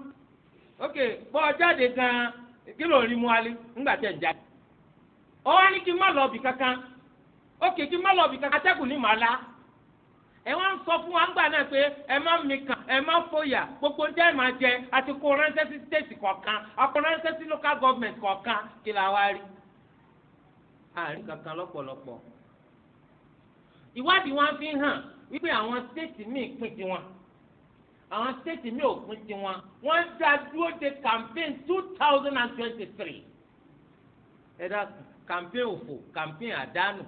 ok bọ́ ọ jáde gan-an kí ló ń rí mu wálé ńgbà tẹ̀ ń jáde ó wá ní kí n má lọ kankan ó kì í kí n má lọ kankan atẹ́kùn ní màá la ẹ wá ń sọ fún wa ńgbà náà pé ẹ má mi kàn ẹ má fòyà gbogbo jẹ àti kó ránṣẹ́ sí stéètì kọ̀ọ̀kan ránṣẹ́ sí local government kọ̀ọ̀kan kí la wá rí àárín kankan lọ́pọ̀lọpọ̀ ìwádìí wọn fi hàn wípé àwọn stéètì míì pín tiwọn. àwọn stéètì mi ò pín tiwọn wọ́n dá dúró de campaign two thousand and twenty three ẹ dá campaign òfò campaign àdánù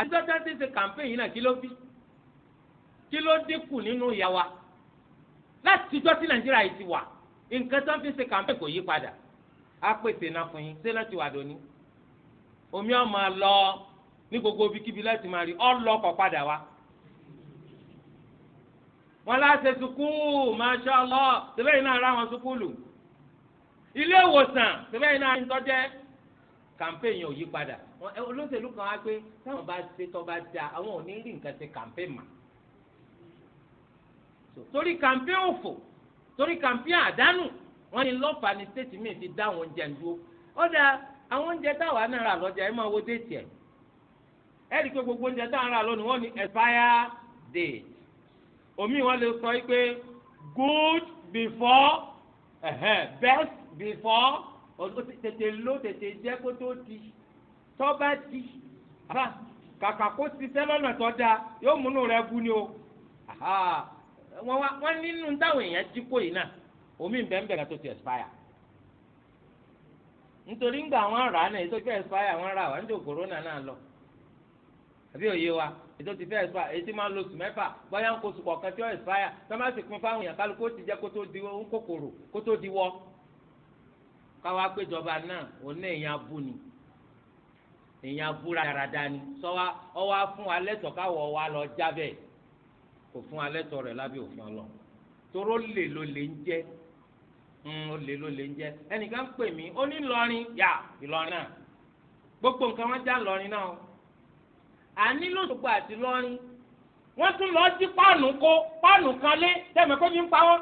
àtijọ́tà ti ṣe campaign yìí náà kí ló bí kí ló dínkù nínú ìyá wa láti tijọ́ sí nàìjíríà yìí ti wà nǹkan tó ń fi ṣe campaign kò yí padà á pèsè náà fún yín ṣé láti wà dòní omi ọ̀ máa lọ ní gbogbo ibikíbi láti máa rí ọ lọ padà wa. wọn láṣẹ sukúù masha Allah síbẹ̀ yìí náà wọn sukúùlù ilé ìwòsàn síbẹ̀ yìí náà ń tọ́jẹ́ kàmpéyìn yẹn yí padà olóṣèlú kan wá pé táwọn bá ṣe tó bá da àwọn ò ní rí nǹkan torí kàmpéyìn òfò torí kàmpéyìn àdánù wọn ni lọ́fà ni steeti míì ti dá àwọn oúnjẹ dúró ó àwọn oúnjẹ táwa náà rà lọ́jà máa wo déètì ẹ̀ rí i pé gbogbo oúnjẹ táwa rà lónìí expire omi wọn lè sọ pé good before uh-huh, best before tètè ló tètè jẹ́ kó tó ti tó bá di kàkà kó ṣiṣẹ́ lọ́nà tó da yóò múnú rẹ bu ni o wọn nínú táwọn èèyàn jí kó yìí náà omi bẹ́ẹ̀nbẹ́ẹ̀ tó ti expire nítorí ńgbà wọn rà á náà ètò ìgbà expire wọn rà wá ní òkòrónà náà lọ àbí òye wa. ètò ti fẹ́ ẹ̀fà èyí tí máa ń lo oṣù mẹ́fà bóyá ń kó oṣù kọ̀ọ̀kan tí ó ẹ̀fáyà tọ́mọ́ sì pin fáwọn èèyàn kálukú ó ti jẹ́ kó tó di ohun kòkòrò kó tó di wọ́. káwa péjọba náà òun náà èèyàn abú ni èèyàn abú rádaràda ni sọ́wọ́ ọwọ́ fún alẹ́ tọ̀ káwọ̀ wa lọ jábẹ̀ kò fún alẹ́ tọ̀ rẹ̀ lábẹ́ òfin ọlọ́ toró lè ló lè ń jẹ́ hmm, ó lè ló lè ń jẹ́ ẹnìkan pè mí ó ní Ìlọrin yà Ìlọrin náà gbogbo nǹkan wọn já Ìlọrin náà àní lóṣogbo àti lọ́rin wọ́n tún lọ jí páànù kó páànù kan lé tẹ̀mẹ́ kó ní ń pa wọ́n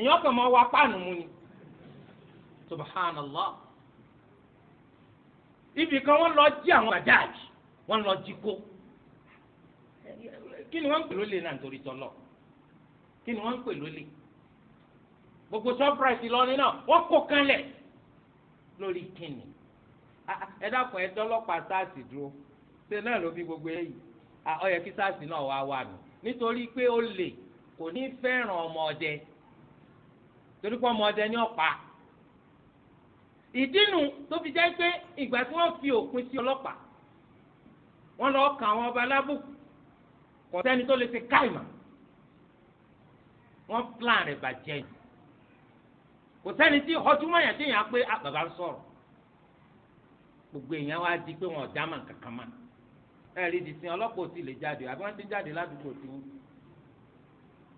èèyàn wa páànù mu ni subhanallah ibì kan lọ jí àwọn bàjáàjì wọ́n lọ jí kó kí ni wọ́n ń pè lólè náà nítorí tọ́lọ̀ kí gbogbo surprise náà wọ́n kó lórí kíni ah, ah, ẹ dákun ẹ dọ́lọ́pàá sáàsì dúró. ṣe náà ló bí gbogbo èyí ó kí sars náà wá wà nù nítorí pé ó lè kò ní fẹ́ràn ọmọ ọdẹ torí pé ọmọ ọdẹ ní ọ̀pá ìdínú tó fi jẹ́ pé ìgbà tí wọ́n fi òpin sí ọlọ́pàá wọ́n lọ kà àwọn ọba kò sẹ́ni tó lè ṣe káìmà wọ́n plan rẹ̀ bàjẹ́ yìí kò sẹ́ni tí ẹ̀rí dìsín ọlọ́pàá ò sì lè jáde àbí wọ́n ti jáde ládùúgbò tí wọ́n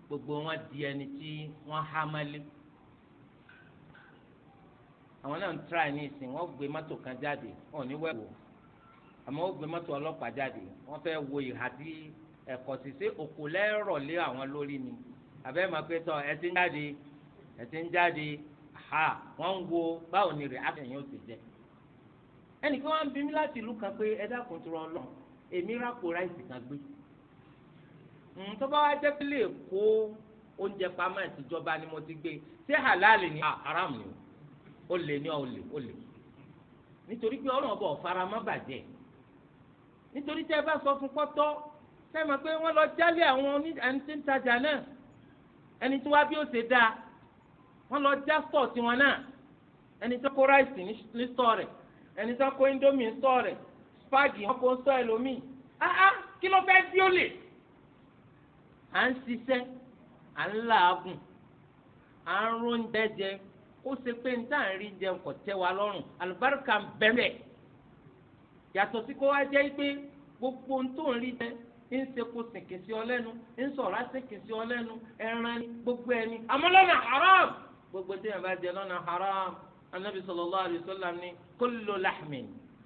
gbogbo wọn di ẹni tí wọ́n há mọ́lé àwọn náà ń tíráì ní ìsìn wọ́n gbé mọ́tò kan jáde wọn ò ní wẹ̀wò àmọ́ wọ́n gbé mọ́tò ọlọ́pàá jáde wọ́n fẹ́ wo ìhà tí ẹ̀kọ́ sì ṣe òkú lẹ́rọ̀ lé àwọn lórí ni àbẹ́ máa pé tọ́ ẹ ti ń jáde ẹ ti ń jáde ha wọ́n ń wo báwo ni rẹ̀ á fẹ̀yìn ó ti jẹ ẹnì kí wọ́n á bí mi láti ìlú kan pé ẹ dákun tó rọ ọlọ́run èmi rákò ráìsì kan gbé hmm, tó bá wá jẹ́ pé lè kó oúnjẹ pamọ́ ìtìjọba ni mo ti gbé ṣé halal ni ah, haram ni o lè ní ọ lè o lè nítorí pé ọlọ́run ọba ọ̀fara má bàjẹ́ nítorí tẹ́ ẹ bá sọ fún pọ́tọ́ tẹ́ ẹ mọ̀ pé wọ́n lọ jálé àwọn ẹni tí ń tajà náà ẹni tí wá bí ó ṣe dáa wọ́n lọ já stọ̀ tiwọn náà ẹni tó kó ráìsì ní stọ̀ rẹ̀ ẹni tó kó indomie ní rẹ̀ fáàgì wọn kò ń sọ ẹlòmíì áá ah, ah, kí ló fẹ́ bí ó lè. à ń ṣiṣẹ́ à ń làágùn à ń róúnjẹ jẹ kó ṣe pé níta à ń rí kò tẹ́ gbogbo ohun tó ń rí jẹ ń seko sìnkì sí ọ lẹ́nu ń ẹran gbogbo eni. àmọ́ lọ́nà haram gbogbo tí yàrá bá jẹ haram anabi ni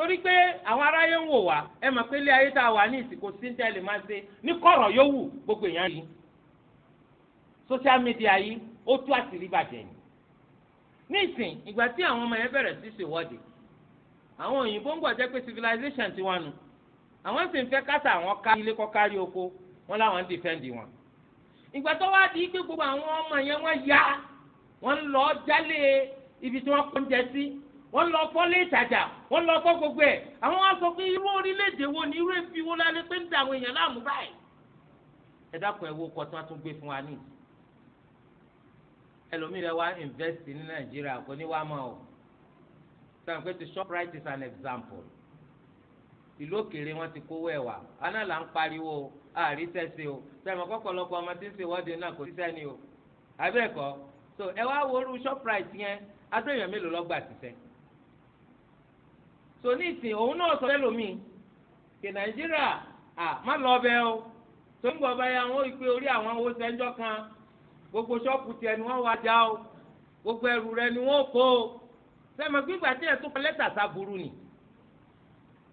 torí pé àwọn aráyé ń wò wá ẹ mọ̀ pé ilé ayé tá a wà ní ìsìnkú síńtẹ́ máa ṣe ní kọ̀rọ̀ yóò wù gbogbo èèyàn yìí social media yìí ó tú àṣírí bàjẹ́ ni nísìn ìgbà tí àwọn ọmọ yẹn bẹ̀rẹ̀ sí ṣèwọ́de àwọn òyìnbó ń gbọ́ jẹ́ pé civilization ti wà nù àwọn sì ń fẹ́ kásá àwọn ká ilé kọ́ kárí oko wọn láwọn ń defend wọn ìgbà tó wá di pé gbogbo àwọn ọmọ yẹn wọ́n ya wọ́n ń lọ jálè wọ́n lọ fọ́ lé ìtajà wọ́n lọ fọ́ gbogbo ẹ̀ àwọn wá sọ pé irú orílẹ̀-èdè wo ni irú èfi wo lálẹ́ pé ń da àwọn èèyàn láàmú báyìí. ẹ dákun ẹ wo ọkọ tí wọ́n tún gbé fún wa ní. ẹlòmíràn wá invest ní nàìjíríà kò ní wàá máa o sàn pé ti shoprite is an example. ìlú òkèèrè wọn ti kówó ẹ̀ wá aná là ń pariwo àárí sẹ́sẹ́ o sẹ́mi ọ̀pọ̀lọpọ̀ ọmọ tí ń ṣe ìwọ́de náà kò síṣẹ́ ni o àbẹ́ẹ̀kọ́ so ẹ wá wo irú shoprite yẹn adóyàn mélòó lọ́gbà síṣẹ́ so ní ìsìn òun náà sọ lẹ́lòmíì pé nàìjíríà à má lọ bẹ o tó ń gbọ́ báyà wọn ìpè orí àwọn owó kan gbogbo ṣọ́ọ̀pù tiẹ̀ ni wọ́n o gbogbo ẹrù rẹ ni wọ́n kó o sẹ́mi gbígbà tí ẹ̀ tó lẹ́tà ni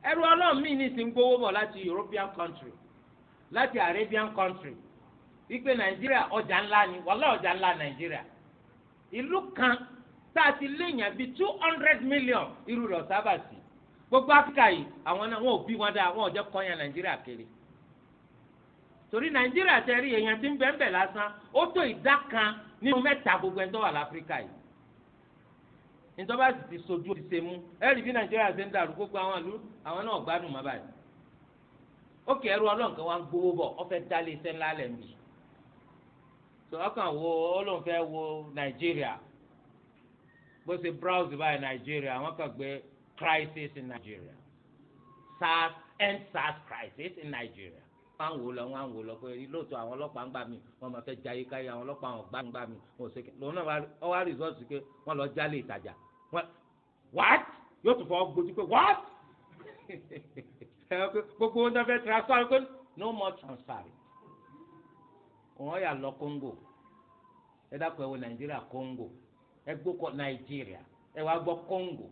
ẹrù ọlọ́run mi ní ìsìn gbowó European country láti Arabian country wípé nàìjíríà ọjà ńlá ni wàlá ọjà ńlá nàìjíríà ìlú kan tá a ti léèyàn bíi two hundred million irú gbogbo Afrika, yìí àwọn náà wọn ò bí wọn dáa wọn ò jẹ́ kọ́yàn nàìjíríà kiri torí nàìjíríà tẹ rí èèyàn tí ń bẹ́ẹ̀ bẹ́ẹ̀ lásán ó tó ìdá kan nínú mẹ́ta gbogbo ẹni tó wà láfíríkà yìí nítorí bá sì ti sojú ti ṣe mú ẹ̀rí bí nàìjíríà ṣe ń dàrú gbogbo àwọn ìlú àwọn náà gbádùn má báyìí ó kì í ẹrú ọlọ́nkẹ́ wa ń gbowó bọ̀ ọ fẹ́ dálé iṣẹ́ ńlá lẹ̀ ń bì tó ọkàn wo ọlọ́run fẹ́ wo nàìjíríà bó ṣe browse báyìí nàìjíríà wọ́n kàn gbé crisis in Nigeria SARS end SARS crisis in Nigeria wọn wò lọ wọn wò lọ pé lóòótọ́ àwọn ọlọ́pàá ń gbà mí wọn máa fẹ́ jayé káyé àwọn ọlọ́pàá wọn gbà ń gbà mí wọn ò ṣe kí lòun náà wọn wá rìsọ́ọ̀sì pé wọn lọ jálè ìtajà wọn what yóò tún fọwọ́ gbójú pé what gbogbo wọn náà fẹ́ transfer pé no more transfer. wọn yà lọ Congo ẹ dákun ẹ wọ Nàìjíríà Congo ẹ gbókọ Nàìjíríà ẹ wá gbọ́ Congo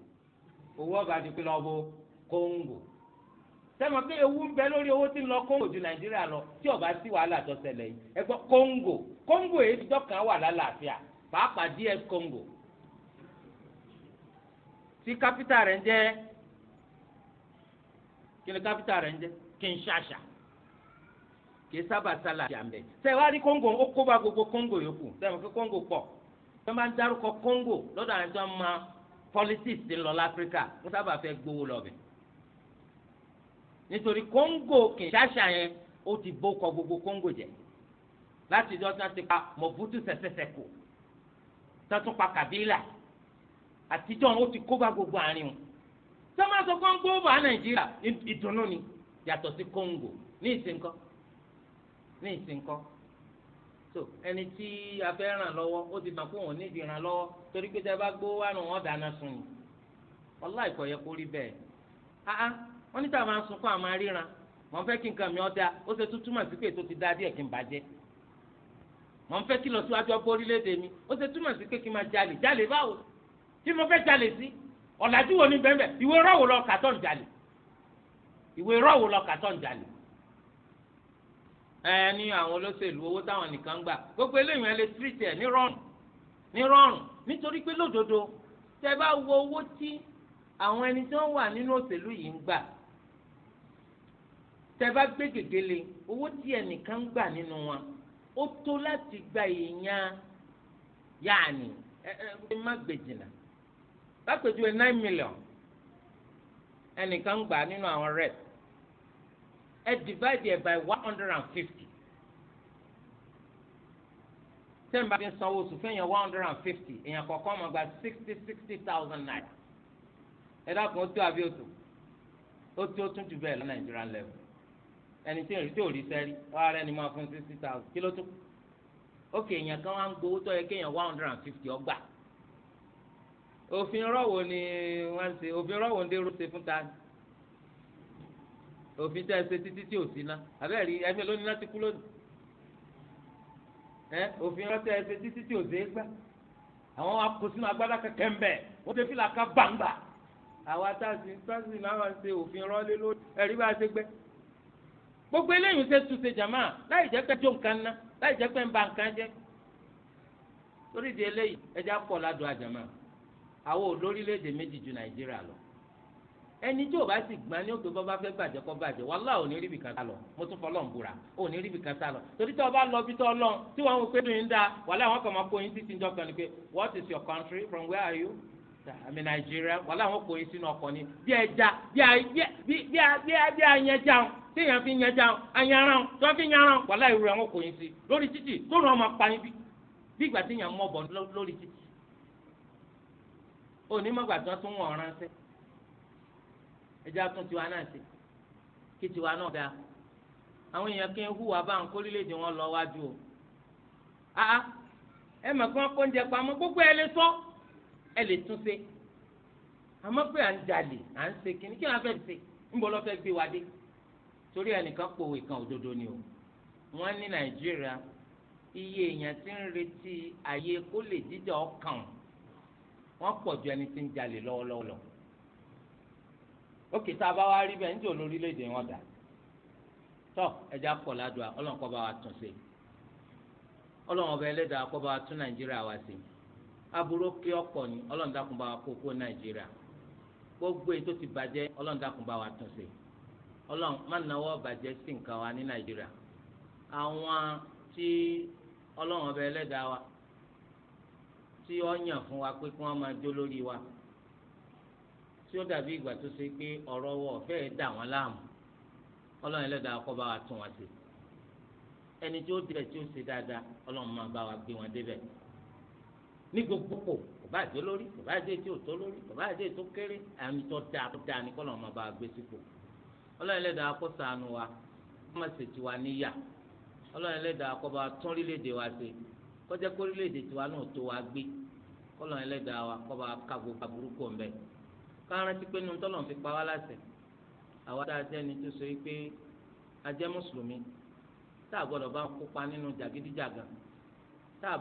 owó ọba ti pé lọ bó kóńgò sẹ́mi pé ewu ń bẹ lórí owó tí ń lọ kóńgò ju nàìjíríà lọ tí ọba sí wàhálà tó ṣẹlẹ̀ yìí ẹ gbọ́ kóńgò kóńgò èyí ti dọ́kan wà lálàáfíà pàápàá ds kóńgò tí kápítà rẹ̀ ń jẹ́ kí ni kápítà rẹ̀ ń jẹ́ Kinshasa kì í sábà sálà jàmbẹ́ sẹ́ẹ̀ wá rí kóńgò ó kó bá gbogbo kóńgò yòókù sẹ́mi pé kóńgò pọ̀ sẹ́mi máa ń dárúkọ kóńgò lọ́dọ̀ àwọn ẹni máa politics ti lọ láfíríkà mo sábà fẹ́ gbowó lọ́bẹ̀ nítorí kóńgò kìnṣàṣà yẹn ó ti bó kọ gbogbo kóńgò jẹ láti ìjọ tí wọ́n ti pa mọ̀bútù sẹ̀sẹ̀sẹ̀kù tó tún pa kàbílà àtijọ́ ó ti kó bá gbogbo àárín wọn sọ́mà sọ kóńgò bá nàìjíríà ìdùnnú ni yàtọ̀ sí kóńgò ní ìsìnkọ́ ní ìsìnkọ́ so ẹni tí a fẹ́ ràn lọ́wọ́ ó ti mọ̀ pé òun ní ìdìran lọ́wọ́ torí pé tẹ́ bá gbó wánu wọn dáná sun ni wallahi kò yẹ kó rí bẹ́ẹ̀ áá wọ́n ní tàbá sunkún àmọ́ ríran mọ̀ ń fẹ́ kí nǹkan mi ọ́ da ó ṣe tútúmọ̀ sí pé ètò ti da díẹ̀ kí n bàjẹ́ mọ̀ ń fẹ́ kí lọ síwájú ọgbọ́n orílẹ̀-èdè mi ó ṣe túmọ̀ sí pé kí n máa jalè jalè báwo kí mo fẹ́ jalè sí ọ̀làjú wo ni bẹ́ẹ̀ bẹ́ẹ̀ ìwé rọ́wọ́ lọ kàtọ́ ń jalè ìwé rọ́wọ́ lọ kàtọ́ ń jalè ẹ ní àwọn olóṣèlú owó táwọn nìkan gbà gbogbo eléyìí ẹ lè street ẹ nírọ̀rùn nírọ̀rùn nítorí pé lódodo tẹ bá wo owó tí àwọn ẹni tí wọ́n wà nínú òṣèlú yìí ń gbà tẹ bá gbé gègéle owó tí ẹnìkan gbà nínú wọn ó tó láti gba èèyàn yáàní ẹ ẹ má gbèjìnà lápèjúwe nine million ẹnìkan gbà nínú àwọn rep ẹ divide ẹ by one hundred and fifty tẹ́ǹ bá fi sanwó oṣù fẹ́yàn one hundred and fifty èèyàn kọ̀ọ̀kan máa gba sixty sixty thousand naira ẹ dákun ó tó àbí ó tó ó tó tún jù bẹ́ẹ̀ lọ Nàìjíríà level ẹni tí èrè tí ò rí sẹ́rí ọ̀rẹ́ ni máa fún sixty thousand kí ló tó ókè èèyàn kan wá ń gbowó tó yẹ kéèyàn one hundred and fifty ọgbà òfin rọ̀wọ̀ ni wọ́n ń ṣe òfin rọ̀wọ̀ ń dérò ṣe fún ta ni òfin tẹ́ ẹ ṣe títí tí ò sí ná àbẹ́ rí ẹ̀mí lónìí láti kú lónìí ẹ òfin tẹ́ ẹ ṣe títí tí ò sí gbà àwọn akosínú agbádá kẹkẹ ń bẹ wọ́n ti fi làkà gbangba àwa táàsì táàsì làwọn ṣe òfin rọ́lé lórí ẹ̀rí bá ṣe gbẹ. gbogbo eléyìí ṣe tún ṣe jàmá láì jẹ́ pé tó nǹkan ná láì jẹ́ pé ń ba nǹkan jẹ́ torí di eléyìí ẹja pọ̀ ládùn àjàmá àwọn olórílẹ̀ ẹni tí o bá sì gbà ní òkè bọ́ba fẹ́ bàjẹ́ kọ́ bàjẹ́ wàhálà ò ní ríbi kan sá lọ mo tún fọlọ́n búra ò ní ríbi kan sá lọ torí tí o bá lọ bí tó lọ tí wọn wò pé dùn yín dá wàhálà wọn kàn máa kó yín títí jọ kan ni pé what is your country from where are you àmì nàìjíríà wàhálà wọn kó yín sínú ọkọ ni bí ẹja bí ayẹjáun tí èèyàn fi yẹjáun ayanran tí wọn fi yanran wàhálà ìrù àwọn kò yín sí lórí títì lórí wọn máa pa yín bí bí ìgbà tí èèyàn mọ̀ bọ̀ ẹjẹ atún tiwa náà sí kí tiwa náà dáa àwọn èèyàn kí n hùwà bá ń kórìlédè wọn lọ wájú o àá ẹ mọ̀ kí wọ́n kó oúnjẹ pamọ́ gbogbo ẹ lè sọ ẹ lè tún ṣe àmọ́ pé à ń jalè à ń ṣe kíni kí wọ́n fẹ́ ṣe ń bọ́ lọ́fẹ́ gbé wa dé torí ẹnìkan pòwe kan òdodo ni o wọ́n ní nàìjíríà iye èèyàn tí ń retí àyè kó lè jíjà ọkàn wọn pọ̀ ju ẹni tí ń jalè lọ́wọ́lọ́wọ́ lọ. Lo ókè tá a bá wá rí bẹ́ẹ̀ níjẹ́ olórílẹ̀‐èdè wọn dà tọ́ ẹja kọ̀ ládùá ọlọ́run kó bá wa tún ṣe ọlọ́run ọba ẹlẹ́dàá kó bá wa tún nàìjíríà wa ṣe aburú kí ọ̀pọ̀ ni ọlọ́run dákun bá wa kó kó nàìjíríà gbogbo èyí tó ti bàjẹ́ ọlọ́run dákun bá wa tún ṣe ọlọ́run má náwó bàjẹ́ sí nǹkan wa ní nàìjíríà àwọn tí ọlọ́run ọba ẹlẹ́dàá wa tí ó yàn fún wa pé kí wọ́n máa jó lórí wa tí ó dàbí ìgbà tó ṣe pé ọ̀rọ̀ wọ̀ fẹ́ẹ́ dà wọ́n láàmú ọlọ́run ẹlẹ́dàá kọ́ bá wa tún wọn sí ẹni tí ó débẹ̀ tí ó ṣe dáadáa ọlọ́run máa bá wa gbé wọn débẹ̀ ní gbogbo kò kò bá jẹ́ lórí kò bá jẹ́ tí ò tó lórí kò bá jẹ́ tó kéré àmì tó dáa tó dáa ní kọ́ ọlọ́run máa bá wa gbé sípò ọlọ́run ẹlẹ́dàá kó ṣàánú wa kó má ṣètì wa níyà ọlọ́run ẹlẹ́dàá kó bá wa ṣe kárántí pé nínú tọ́lọ̀ fi pa wá láṣẹ àwa tá jẹ́ ni tó so pé a jẹ́ mùsùlùmí tá a gbọ́dọ̀ bá wọn kópa nínú jàgídíjàgan tá a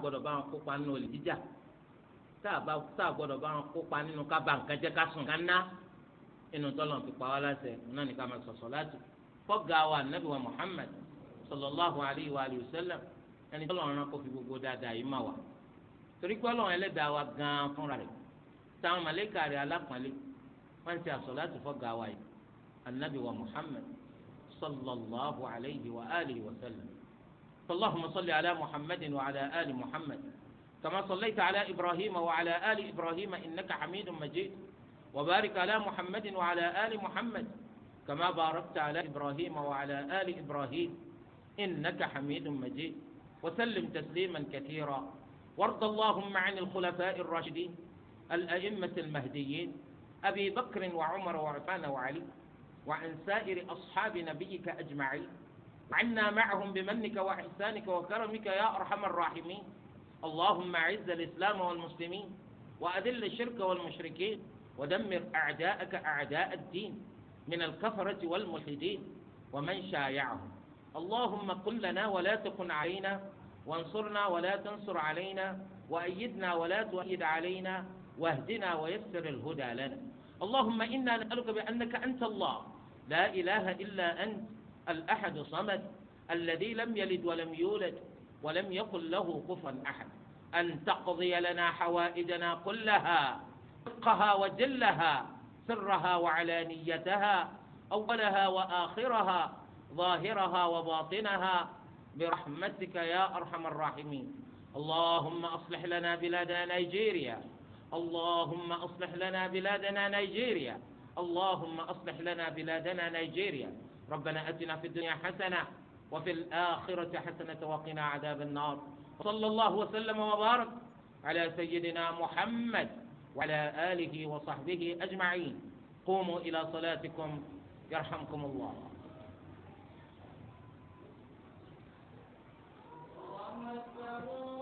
gbọ́dọ̀ bá wọn kópa nínú olè jíjà tá a gbọ́dọ̀ bá wọn kópa nínú ká ba nǹkan jẹ́ ká sùn ká ná nínú tọ́lọ̀ fi pa wá láṣẹ náà ní ká máa sọ̀sọ̀ láti fọ́gà wa nàbì wa Muhammad sallallahu alayhi wa sallam ẹni tọ́lọ̀ ọ̀ràn kó fi gbogbo dáadáa yìí má wa táwọn màlẹ́kà rẹ̀ alápọ̀nlé wọ́n ti àsọ̀láàtì fọ́gà wa yìí anabi wa muhammed sallallahu alayhi wa alihi wa sallam allahumma salli ala muhammadin wa ala ali muhammed kama sallaita ala ibrahima wa ala ali ibrahima innaka hamidun majid wa barik ala muhammadin wa ala ali muhammad كما باركت على إبراهيم وعلى آل إبراهيم إنك حميد مجيد وسلم تسليما كثيرا وارض اللهم عن الخلفاء الراشدين الأئمة المهديين أبي بكر وعمر وعثمان وعلي وعن سائر أصحاب نبيك أجمعين عنا معهم بمنك وإحسانك وكرمك يا أرحم الراحمين اللهم أعز الإسلام والمسلمين وأذل الشرك والمشركين ودمر أعداءك أعداء الدين من الكفرة والملحدين ومن شايعهم اللهم قل لنا ولا تكن علينا وانصرنا ولا تنصر علينا وأيدنا ولا تؤيد علينا واهدنا ويسر الهدى لنا اللهم إنا نسألك بأنك أنت الله لا إله إلا أنت الأحد صمد الذي لم يلد ولم يولد ولم يقل له كفوا أحد أن تقضي لنا حوائجنا كلها دقها وجلها سرها وعلانيتها أولها وآخرها ظاهرها وباطنها برحمتك يا أرحم الراحمين اللهم أصلح لنا بلادنا نيجيريا اللهم أصلح لنا بلادنا نيجيريا اللهم أصلح لنا بلادنا نيجيريا ربنا أتنا في الدنيا حسنة وفي الآخرة حسنة وقنا عذاب النار صلى الله وسلم وبارك على سيدنا محمد وعلى آله وصحبه أجمعين قوموا إلى صلاتكم يرحمكم الله